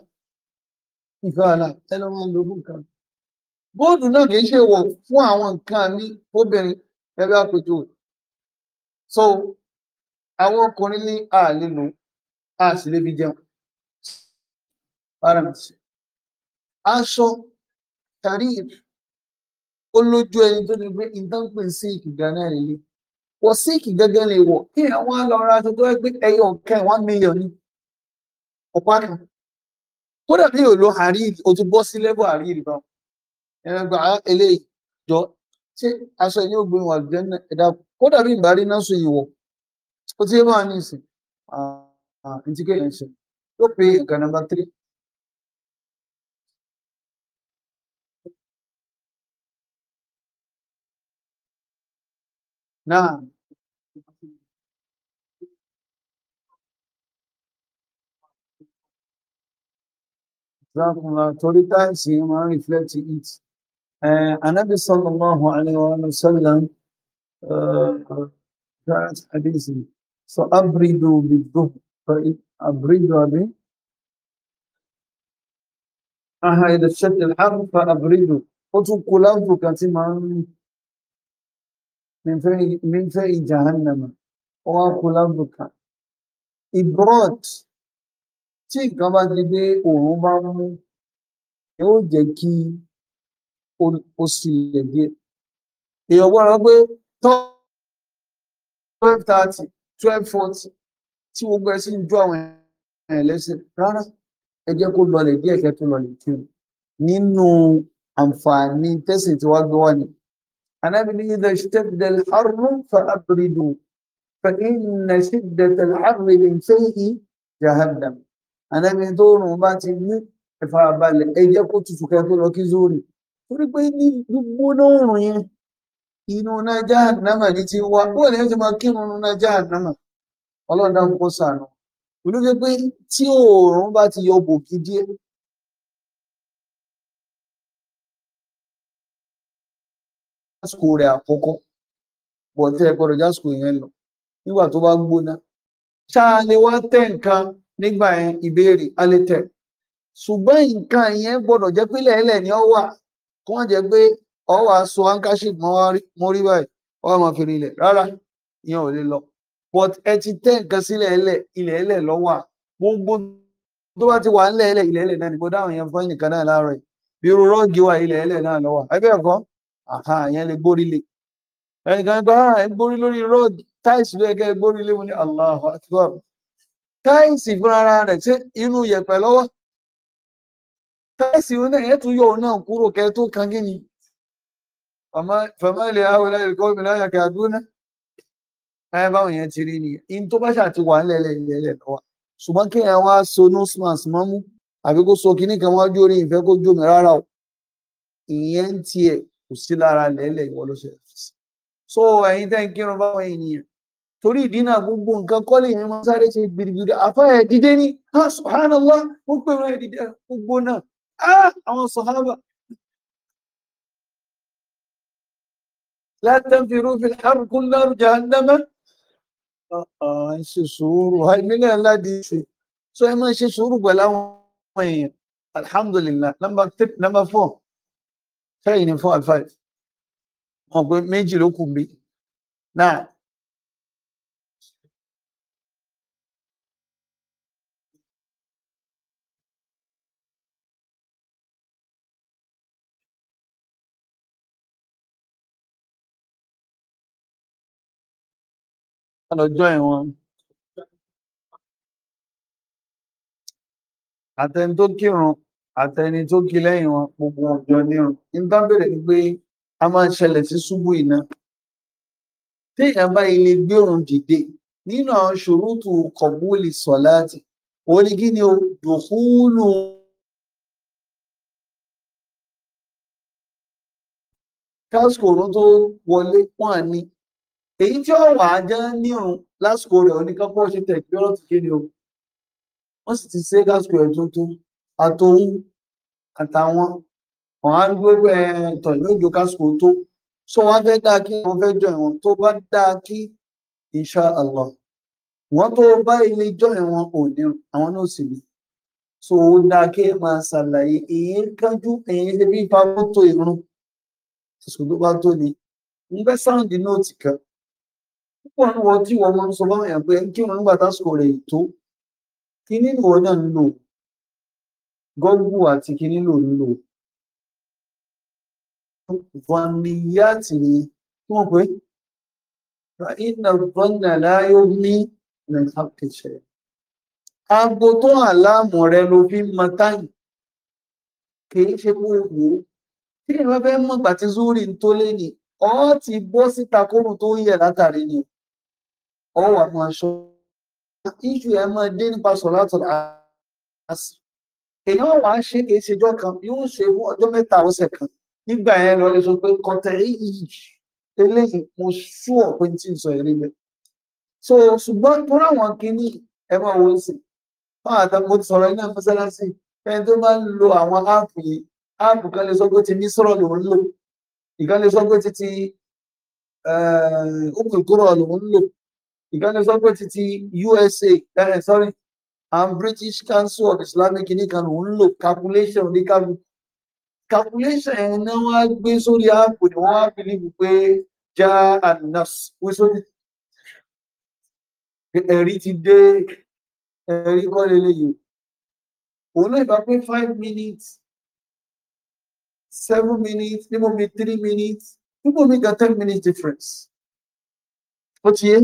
ìfẹ́ àlà ẹ lọ́ máa ń lo nǹkan góòdù náà kì í ṣe wọ̀ fún àwọn nǹkan ní obìnrin ẹgbẹ́ àpèjọ so àwọn ọkùnrin ní a lè lò a sì lè fi jẹun aṣọ tàríyìn ó lójú ẹni tó ní pé nǹkan pè sí ìkìgá náà lélẹ̀ wọ sí ìkìgẹ́gẹ́ lè wọ̀ kí àwọn alọ́ra aṣọ tó gbé ẹyọ nǹkan one million ní ọ̀pá kan kódà ní òòlò àríyìn o ti bọ́ sí lẹ́bù àríyìn bá ẹran gba eléyìí jọ ṣé aṣọ yìí ó gbé wọn àlùjẹ ẹ̀dá kódà bí ìbárí náà sùn ìwọ̀ ó ti yé máa ní ìsìn àǹtíkẹ́ ah, ah, yẹn ṣe ló pe ìkànnì nàmbà three Naam. torí táìsì máa ń reflect it. Anábì sallallahu alayhi wa sallam ṣáàt àdísì. So abridu bi dhuhr abridu abi. Aha ila shadd al-harb fa abridu. Ó tún kú láàbù kan tí máa ń من, من فعل جهنم وخلافك إبرات tí nǹkan bá ti dé òun bá mú yóò jẹ́ kí ó sílẹ̀ díẹ̀ èèyàn gbọ́dọ̀ pé twelve thirty twelve forty tí gbogbo ẹ sì ń jó àwọn èèyàn lẹ́sẹ̀ rárá ẹ jẹ́ kó lọlẹ̀ díẹ̀ kẹ́ tó lọlẹ̀ kiri nínú àǹfààní tẹ̀sán tí wàá gbé wà nìyí anábìlì ìdá ṣẹ́dẹ̀ àrùn fàábìrìdù fàínà ṣẹ́dẹ̀ àrùn ìfẹ́yì jahannam anábìlì tó rùn bá ti ní ìfarabalẹ̀ ẹjẹ́ kó tutù kẹ́ tó lọ kí zórí torí pé ní gbígbóná òrùn yẹn inú náà jahannama ní ti wá bóyá ẹni tí máa kírun náà jahannama ọlọ́run dáhùn kó sànù olùgbé pé tí òòrùn bá ti yọ bòkì díẹ̀ àsìkò rẹ̀ àkọ́kọ́ bọ̀ tí ẹ gbọ́dọ̀ jásìkò yẹn lọ nígbà tó bá gbóná ṣáà ni wá tẹ̀ nǹkan nígbà yẹn ìbéèrè alẹ́ tẹ̀ ṣùgbọ́n nǹkan yẹn gbọ́dọ̀ jẹ́ pé lẹ́ẹ̀lẹ̀ ni ọ wà kó wọ́n jẹ́ pé ọ wà so handkerchief mọ́ rí báyìí ọ máa fi rinlẹ̀ rárá ìyẹn ò lè lọ but ẹ ti tẹ́ nǹkan sílẹ̀ ẹlẹ̀ ilẹ̀ ẹlẹ̀ lọ wà gbogbo tó bá ti wà ńlẹ̀ ẹlẹ̀ ilẹ̀ ẹlẹ̀ náà ni mo dáhùn yẹn fún ẹnìkan náà láàárọ̀ yìí bí irú rọ́ọ̀gì wà ilẹ̀ ẹlẹ̀ náà lọ wà ẹgbẹ́ ẹ̀kọ́ àyàn lè gbórí lé ẹnìkan gba ah, gbórí lórí road. táìsì ló yẹ kẹ́ gbórí lé wọn ní Allahu Akbar táìsì fúnra rẹ̀ ṣé inú yẹ̀pẹ̀ lọ́wọ́ táìsì náà yẹn tún yọ òun náà kúrò kẹ́ tó kan kí ni fama ilẹ̀ awọlá ìkọ́ ìmìlá yàkẹ́ àdúnà ẹ báwọn yẹn ti rí ni in tó bá ṣàti wà nílẹ̀ ìlẹ̀ lọ́wọ́ ṣùgbọ́n kí ẹ wá so nose mask mọ́ mú àbí kó so kínní kan wájú orí ìfẹ́ kó jó mi rárá o ìyẹn ń tiẹ̀ kò sí lára lẹ́lẹ̀ ìwọ ló ṣe fèsì so ẹ̀yin tẹ́ ń kírun báwọn ènìyàn torí ìdínà gbogbo nǹkan kọ́lé yẹn máa sáré ṣe gbìrìgbìrì àfáà dídé ní ah, subhanallah ó pèrò ẹ̀ dídé gbogbo náà ah, àwọn sàhábà la tanfiru fil harri kullu naru jahannama ń ah, ṣe sùúrù àìmílẹ̀ ńlá di ṣe so ẹ máa ṣe sùúrù pẹ̀lú àwọn èèyàn alhamdulillah number three number four sẹ́yìn ní four and five wọn pé méjì ló kù bí náà lọ́jọ́ ẹ̀wọ̀n àtẹni kírun àtẹni tó kí lẹ́yìn wọn gbogbo wọn jọ ní ọ̀run ní bá bèrè ni pé a máa ń ṣẹlẹ̀ sí ṣubú iná téèyàn bá ilé gbé òun dìde nínú àwọn ṣòrútù kọ̀bùlì sọ̀láàtì òun ni kí ni o dùkúlù lásìkò òun tó wọlé wọn ni èyí tí ó wà á jẹ́ nírun lásìkò rẹ̀ oníkápọ̀ ṣe tẹ̀gbẹ́rọ̀ tó kéde o wọ́n sì ti ṣe lásìkò ẹ̀ tuntun àtòun àtàwọn wọn á gbogbo ẹ tọyọ ìjọ kásìkò tó so wọn fẹ́ dáa kí wọn fẹ́ jọ ìwọn tó bá dáa kí insha allah wọn tó bá ilé jọ ìwọn ò ní àwọn náà sì ní so ó dáa kí ẹ máa ṣàlàyé èyí kánjú èyí ṣe bí ìfowópamọ́ tó irun ṣùṣù tó bá tó ni ń bẹ sáǹdì nóòtì kan púpọ̀ ní wọn tí wọn máa ń sọ báwọn yàn pé kí wọn nígbà tásìkò rẹ̀ tó kí nínú wọn náà ń lò gọ́gù àti kí nílò nílò vọniyàtì ni tí wọ́n pé ìnà vọ́nà láyé ní nàìjíríà agbo tó hàn láàmù rẹ ló fi mọ táyì kìí ṣe pé wò ó tí ìwé fẹ́ mọ̀ gbà tí zúrì ń tó lé ní ọ ti bọ́ síta kóòrùn tó yẹ látàrí ni ọ wà máa ṣọ́ iṣu ẹ máa dé nípa sọ̀rọ̀ àtọ̀rọ̀ àṣì èèyàn wà á ṣe kìí ṣèjọ kan yóò ṣe fún ọjọ́ mẹ́ta ọ̀sẹ̀ kan nígbà yẹn lọ lè sọ pé kọtẹrí yìí eléyìí mo sú ọpẹ tí ń sọ èrè bẹ so ṣùgbọ́n tó ráwọn kínní ẹ máa wo sí wọn àtàwọn mo ti sọ̀rọ̀ iná mọ́sálásí ẹni tó máa ń lo àwọn áàpù yìí áàpù kan lè sọ pé ti mísọ̀rọ̀ lòún lò ìkan lè sọ pé ti ti ókùnkùrọ̀ eh, umm lòún lò ìkan lè sọ pé ti ti USA eh, sorry Eh, and British Council of Islamic nìkan ló ń lò calculation oníkàlù calculation ẹ̀ ní wọ́n á gbé sórí àpò ni wọ́n á bìlíìfù pé já anas wí sórí ẹ̀rí ti dé ẹ̀rí kọ́ lélẹ́yìí òun náà ìgbà pé five minutes seven minutes níbo mi three minutes níbo mi gan ten minutes difference ó ti yé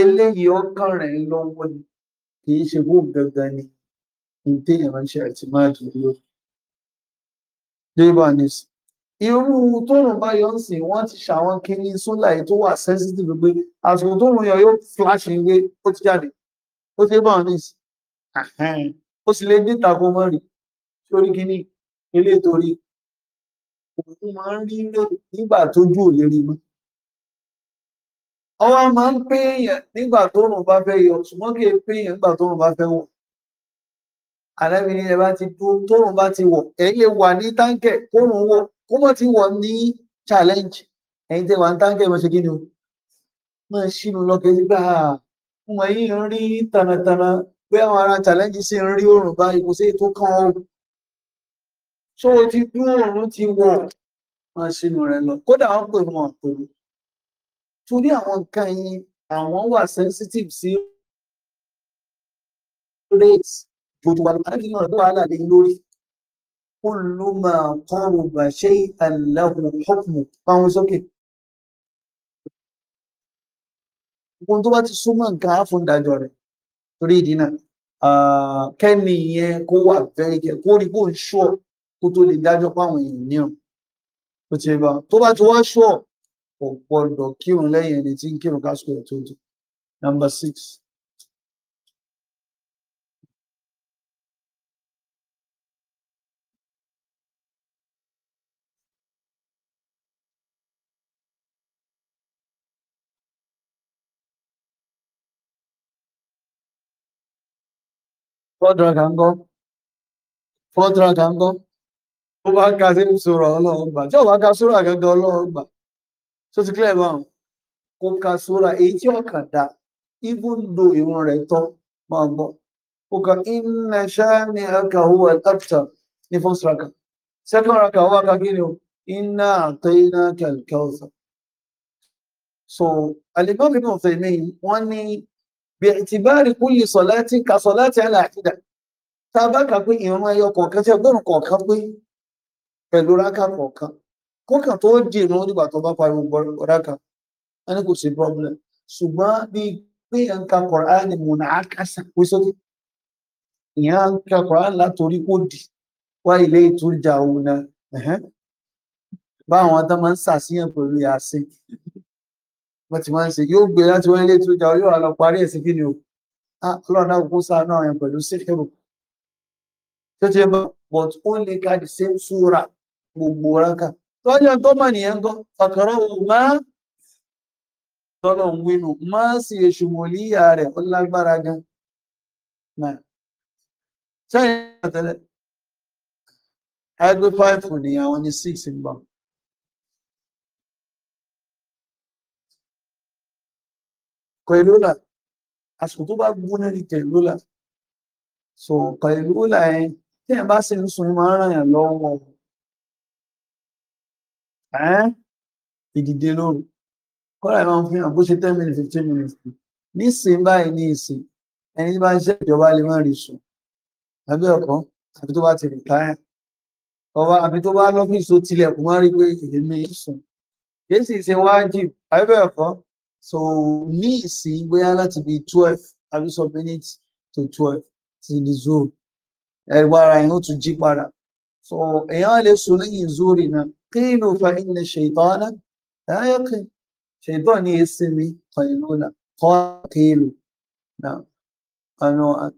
eléyìí ọkàn rẹ̀ lọ́wọ́ ni kì í ṣe bóun gangan ni ní téèyàn máa ń ṣe àtìmáàdì lórí débà nìsín irú tóòrùn bá yọ ń sìn wọ́n ti ṣàwọn kínní sólà yìí tó wà sensitive pé àsìkò tóòrùn yọ yóò flash ìwé ó ti jáde ó ti bá wọn nìsín ó sì lè dín ìtàkùn mọ́ rí sórí kínní ilé torí òun máa ń rí nígbà tójú ò lè rí mọ́ ọwọ́ a máa ń péyàn nígbà tó rùn bá fẹ́ yọ ṣùgbọ́n kì í péyàn nígbà tó rùn bá fẹ́ wọ̀ àlẹ́bí ni ẹ bá ti dúró tó rùn bá ti wọ̀ ẹ lè wà ní táǹkẹ̀ kó rùn wọ̀ kó mọ̀ ti wọ̀ ní challenge ẹ̀yin tẹ́ wà ní táǹkẹ̀ mọ̀ ṣe kí ni o máa ṣínú lọ kẹ́sí gbà á mo yí ń rí tànàtànà pé àwọn ará challenge sì ń rí òrùn bá ipò sí ètò kan o tó o ti dúró òrùn ti wọ̀ máa ṣínú rẹ lọ kódà wọn pè wọn pè torí àwọn nǹkan yìí àwọn wà sensitive sí rate gbogbo àlùmọ́ọ́nì náà ló wàhálà lé lórí kullu ma qaruba shay'an lahu hukmu báwọn sókè ohun tó bá ti súnmọ́ nǹkan á rẹ̀ torí ìdí náà kẹ́ni yẹn kó wà very careful kó rí bó ń ṣọ́ kó tó lè dájọ́ páwọn èèyàn ní tó bá ti wá ṣọ́ kò gbọdọ̀ kírun lẹ́yìn ẹni tí ń kírun kásìkò ẹ̀ tó tó number six. fọ́dúnra kan gọ́ fọ́dúnra kan gọ́ ó bá ka sí sọ̀rọ̀ ọlọ́run gbà tí ò bá ka sọ̀rọ̀ àgẹ́gẹ́ ọlọ́run gbà tó ti clear báwọn kò ka sóra èyí tí ọkàn dá even though ìwọn rẹ̀ tọ́ máa gbọ́ kò ka inna shani'aka huwa al-abtar ní first raka second raka wà ká kí o inna a'tainaka al so alimami náà fẹ mi wọn ní bí ìtìbáàrí kulli salati ka salati ala àkídà tá a bá kà pé ìrún ẹyọ kọ̀ọ̀kan tí ọgbọ́n kọ̀ọ̀kan pé pẹ̀lú rákà kọ̀ọ̀kan kọ́kàn tó dìrún nígbà tó bá pariwo ọ̀rá kan wọn ni kò sí problem ṣùgbọ́n bí pé nǹkan Qur'an ni mò ń àkàṣà pé sókè ìyá nǹkan Qur'an látòrí kò dì wá ilé ìtújà òun náà báwọn ọdọ máa ń ṣàṣìyàn pẹ̀lú yàsìn wọn ti máa ń ṣe yóò gbé e láti wọn ilé ìtújà yóò wà lọ parí ẹ̀ sí kí ni o Ọlọ́run náà kó sáà náà yẹn pẹ̀lú síkírù tó ti bọ but ó ka the same súra gbogbo rákà tọ́yàn tó mọ̀ nìyẹn gọ́ fàkàrọ̀ ọmọ tọ́lọ̀ ń wínú má sì èṣù mọ̀líyà rẹ̀ ó lágbára gan sẹ́yìn àtẹ́lẹ̀ ẹgbẹ́ fáìfù ni àwọn ní six ń bọ̀ kọ̀ìlúlà àsìkò tó bá gbóná ní kọ̀ìlúlà so kọ̀ìlúlà ẹ̀ tí ẹ̀ bá sì ń sun máa ń ràn yàn lọ́wọ́ ẹ́n ìdìde lóru kọ́lá ìmọ̀ fi hàn bó ṣe ten minutes fifteen minutes nísìn báyìí ní ìsìn ẹni tí bá ń ṣe ìjọba lè má rí sùn àbí ọ̀kan àbí tó bá ti rìtáyà ọba àbí tó bá lọ́fíìsì tó tilẹ̀kùn má rí pé èmi sùn kì í sì ṣe wájú àbí bẹ́ẹ̀ kọ́ so ní ìsìn bóyá láti bí twelve àbí sọ minutes to twelve ti di zoo ẹ̀rọ ara yẹn ó tún jí padà so èèyàn lè sùn lẹ́yìn zóòrì náà. قيلوا فإن الشيطان لا يقين شيطان يسمي قيلولا قيلوا نعم قالوا أنت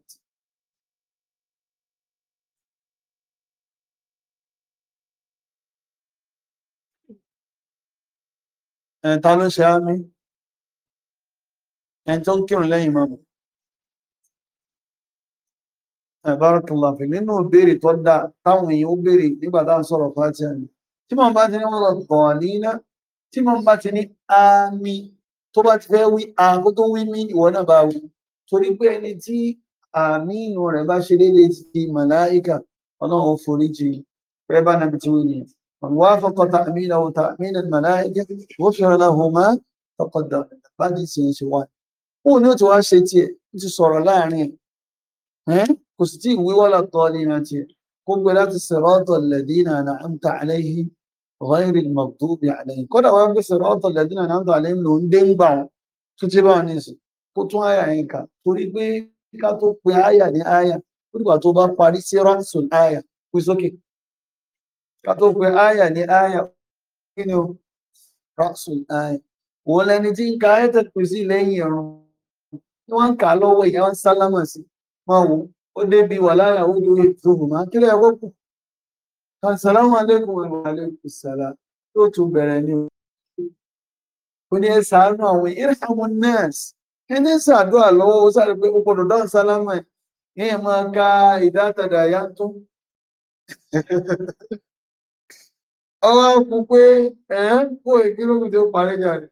يعني تعالوا شامي أنت يعني تنكر لا إمام بارك الله فيك لأنه بيري تودع تاوي وبيري لبعض صرفات يعني tí mo bá ti ní wọn lọ kàn ní iná tí mo bá ti ní àmì tó bá ti fẹ́ wí àgó tó wí mí ìwọ náà bá wí torí pé ẹni tí àmì inú rẹ̀ bá ṣe déédéé ti màláìkà ọlọ́run foríjì fẹ́ bá nàbí tí wọ́n yẹn wọn wá fọkàn tààmì náà wọ́n tààmì náà màláìkà wọ́n fi hàn láhùn mọ́ dàbí bá ti ṣe ṣe wá òun ni ó ti wá ṣe tiẹ̀ ó ti sọ̀rọ̀ láàrin ẹ̀ kò sì tí ìwé wọ́lá kó gbé láti siratal ladina an'amta alayhim ghayril maghdubi alayhim kódà wọ́n gbé siratal ladina an'amta alayhim ló ń dé ń gbà wọn tó ti bá wọn ní sùn kó tún àyà yẹn kà torí pé ká tó pe àyà ní àyà ó dìgbà tó bá parí sí rọ́ọ̀sùn àyà pé sókè ká tó pe àyà ní àyà kí ni o rọ́ọ̀sùn àyà òun lẹni tí ń ka ayẹ́tẹ̀ kùsì lẹ́yìn ẹ̀rùn tí wọ́n ń kà á lọ́wọ́ wọn sálámà sí máa wò ó débi wà lára ó lórí ìtumù máa kílẹ̀ ẹ̀kọ́ kù kàṣàlámù alẹ́kùn ẹ̀wọ̀n alẹ́kùn sàrà tó tún bẹ̀rẹ̀ ní o ó ní ẹ ṣàánú àwọn ìrìnàmù nẹ́ẹ̀sì ẹni ṣàdúrà lọ́wọ́ ó sáré pé ó gbọ́dọ̀ dáhùn sálámù ẹ̀ ìyẹn máa ka ìdátadà yá tó ọwọ́ kú pé ẹ̀ kó ìkílógún tó parí jáde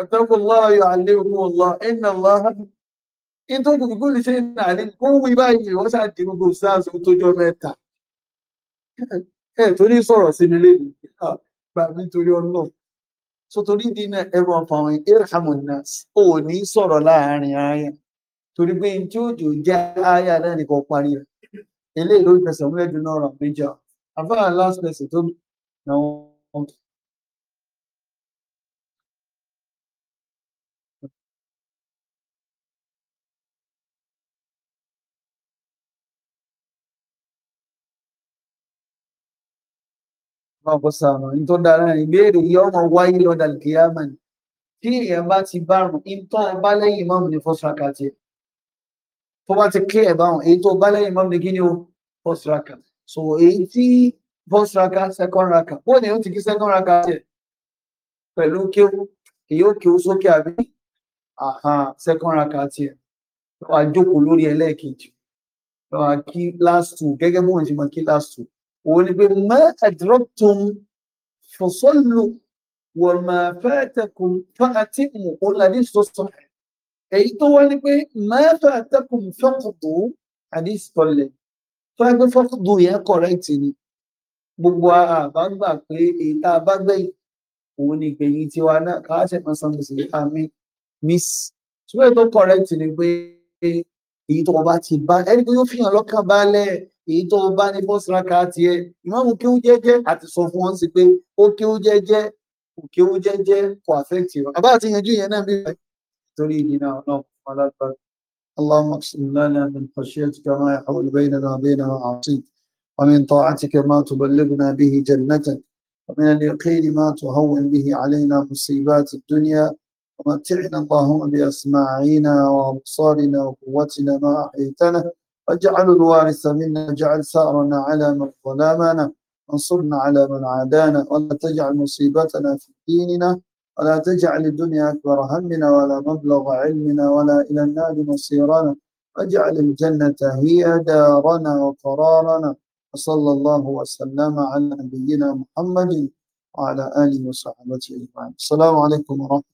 ọ̀tọ́kùnlá ayọ̀ àlékún ọ̀lá ẹ̀ in tó kùkù lè ṣe nàní kó wí báyìí wọ́n ṣàdí gbogbo sars tójọ́ mẹ́ta ẹ torí sọ̀rọ̀ sí mi lẹ́nu gbà mí torí ọlọ́ so torí dínà ẹ̀rọ ọ̀pọ̀wọ̀n irhamu nas ò ní sọ̀rọ̀ láàárín ayé torí pé tí ó jò jẹ́ ayé alẹ́ nìkan parí rẹ̀ eléyìí ló fẹsẹ̀ múlẹ̀ jù náà rà méjì àbára last person tó náà wọ́n wọn kò sànù nítorí dára ìbéèrè yìí ọmọ wáyé lọ́dà kìyàmà ni tí èèyàn bá ti bárùn ìtọ́ bá lẹ́yìn mọ́mù ní fọ́sùrákà tẹ tó bá ti clear báwọn èyí tó bá lẹ́yìn mọ́mù ní kí ni ó fọ́sùrákà so èyí tí fọ́sùrákà second raka ó ní ó ti kí second raka tẹ pẹ̀lú kéwú èyí ó kéwú sókè àbí second raka tẹ lọ́wọ́ àjókòó lórí ẹlẹ́ẹ̀kejì lọ́wọ́ kí last two gẹ́gẹ́ bóun ti mọ kí last two òun ni pé má adraktum fasallu wa ma fatakum fa'timu òun làdí sọ́sọ́ èyí tó wá ní pé má fatakum faqdu àdìsí tọ́lẹ̀ tó wá pé faqdu yẹn kọ̀rẹ́ẹ̀tì ni gbogbo ara àbá gbà pé èyí tá a bá gbẹ̀yìn òun ni ìgbẹ̀yìn tiwa náà káwá máa san gbèsè àmì miss ṣùgbọ́n èyí tó ni pé èyí tó kọ bá ti bá ẹni pé yóò fi hàn lọ́kàn balẹ̀ èyí tó bá ní first raka tiẹ̀ ìmáàmù kéwú jẹ́jẹ́ àti sọ fún wọn sí pé ó kéwú jẹ́jẹ́ kò kéwú jẹ́jẹ́ kò affect you àbá àti yanjú yẹn náà bí wà torí ìdínà náà alágbára اللهم اقسم لنا من خشيتك ما يحول بيننا وبين معاصيك ومن طاعتك ما تبلغنا به جنتك ومن اليقين ما تهون به علينا مصيبات الدنيا ومتعنا اللهم بأسماعنا وأبصارنا وقوتنا ما أحييتنا واجعل الوارث منا جعل ثأرنا على من ظلمنا وانصرنا على من عادانا ولا تجعل مصيبتنا في ديننا ولا تجعل الدنيا أكبر همنا ولا مبلغ علمنا ولا إلى النار مصيرنا واجعل الجنة هي دارنا وقرارنا وصلى الله وسلم على نبينا محمد وعلى آله وصحبه أجمعين السلام عليكم ورحمة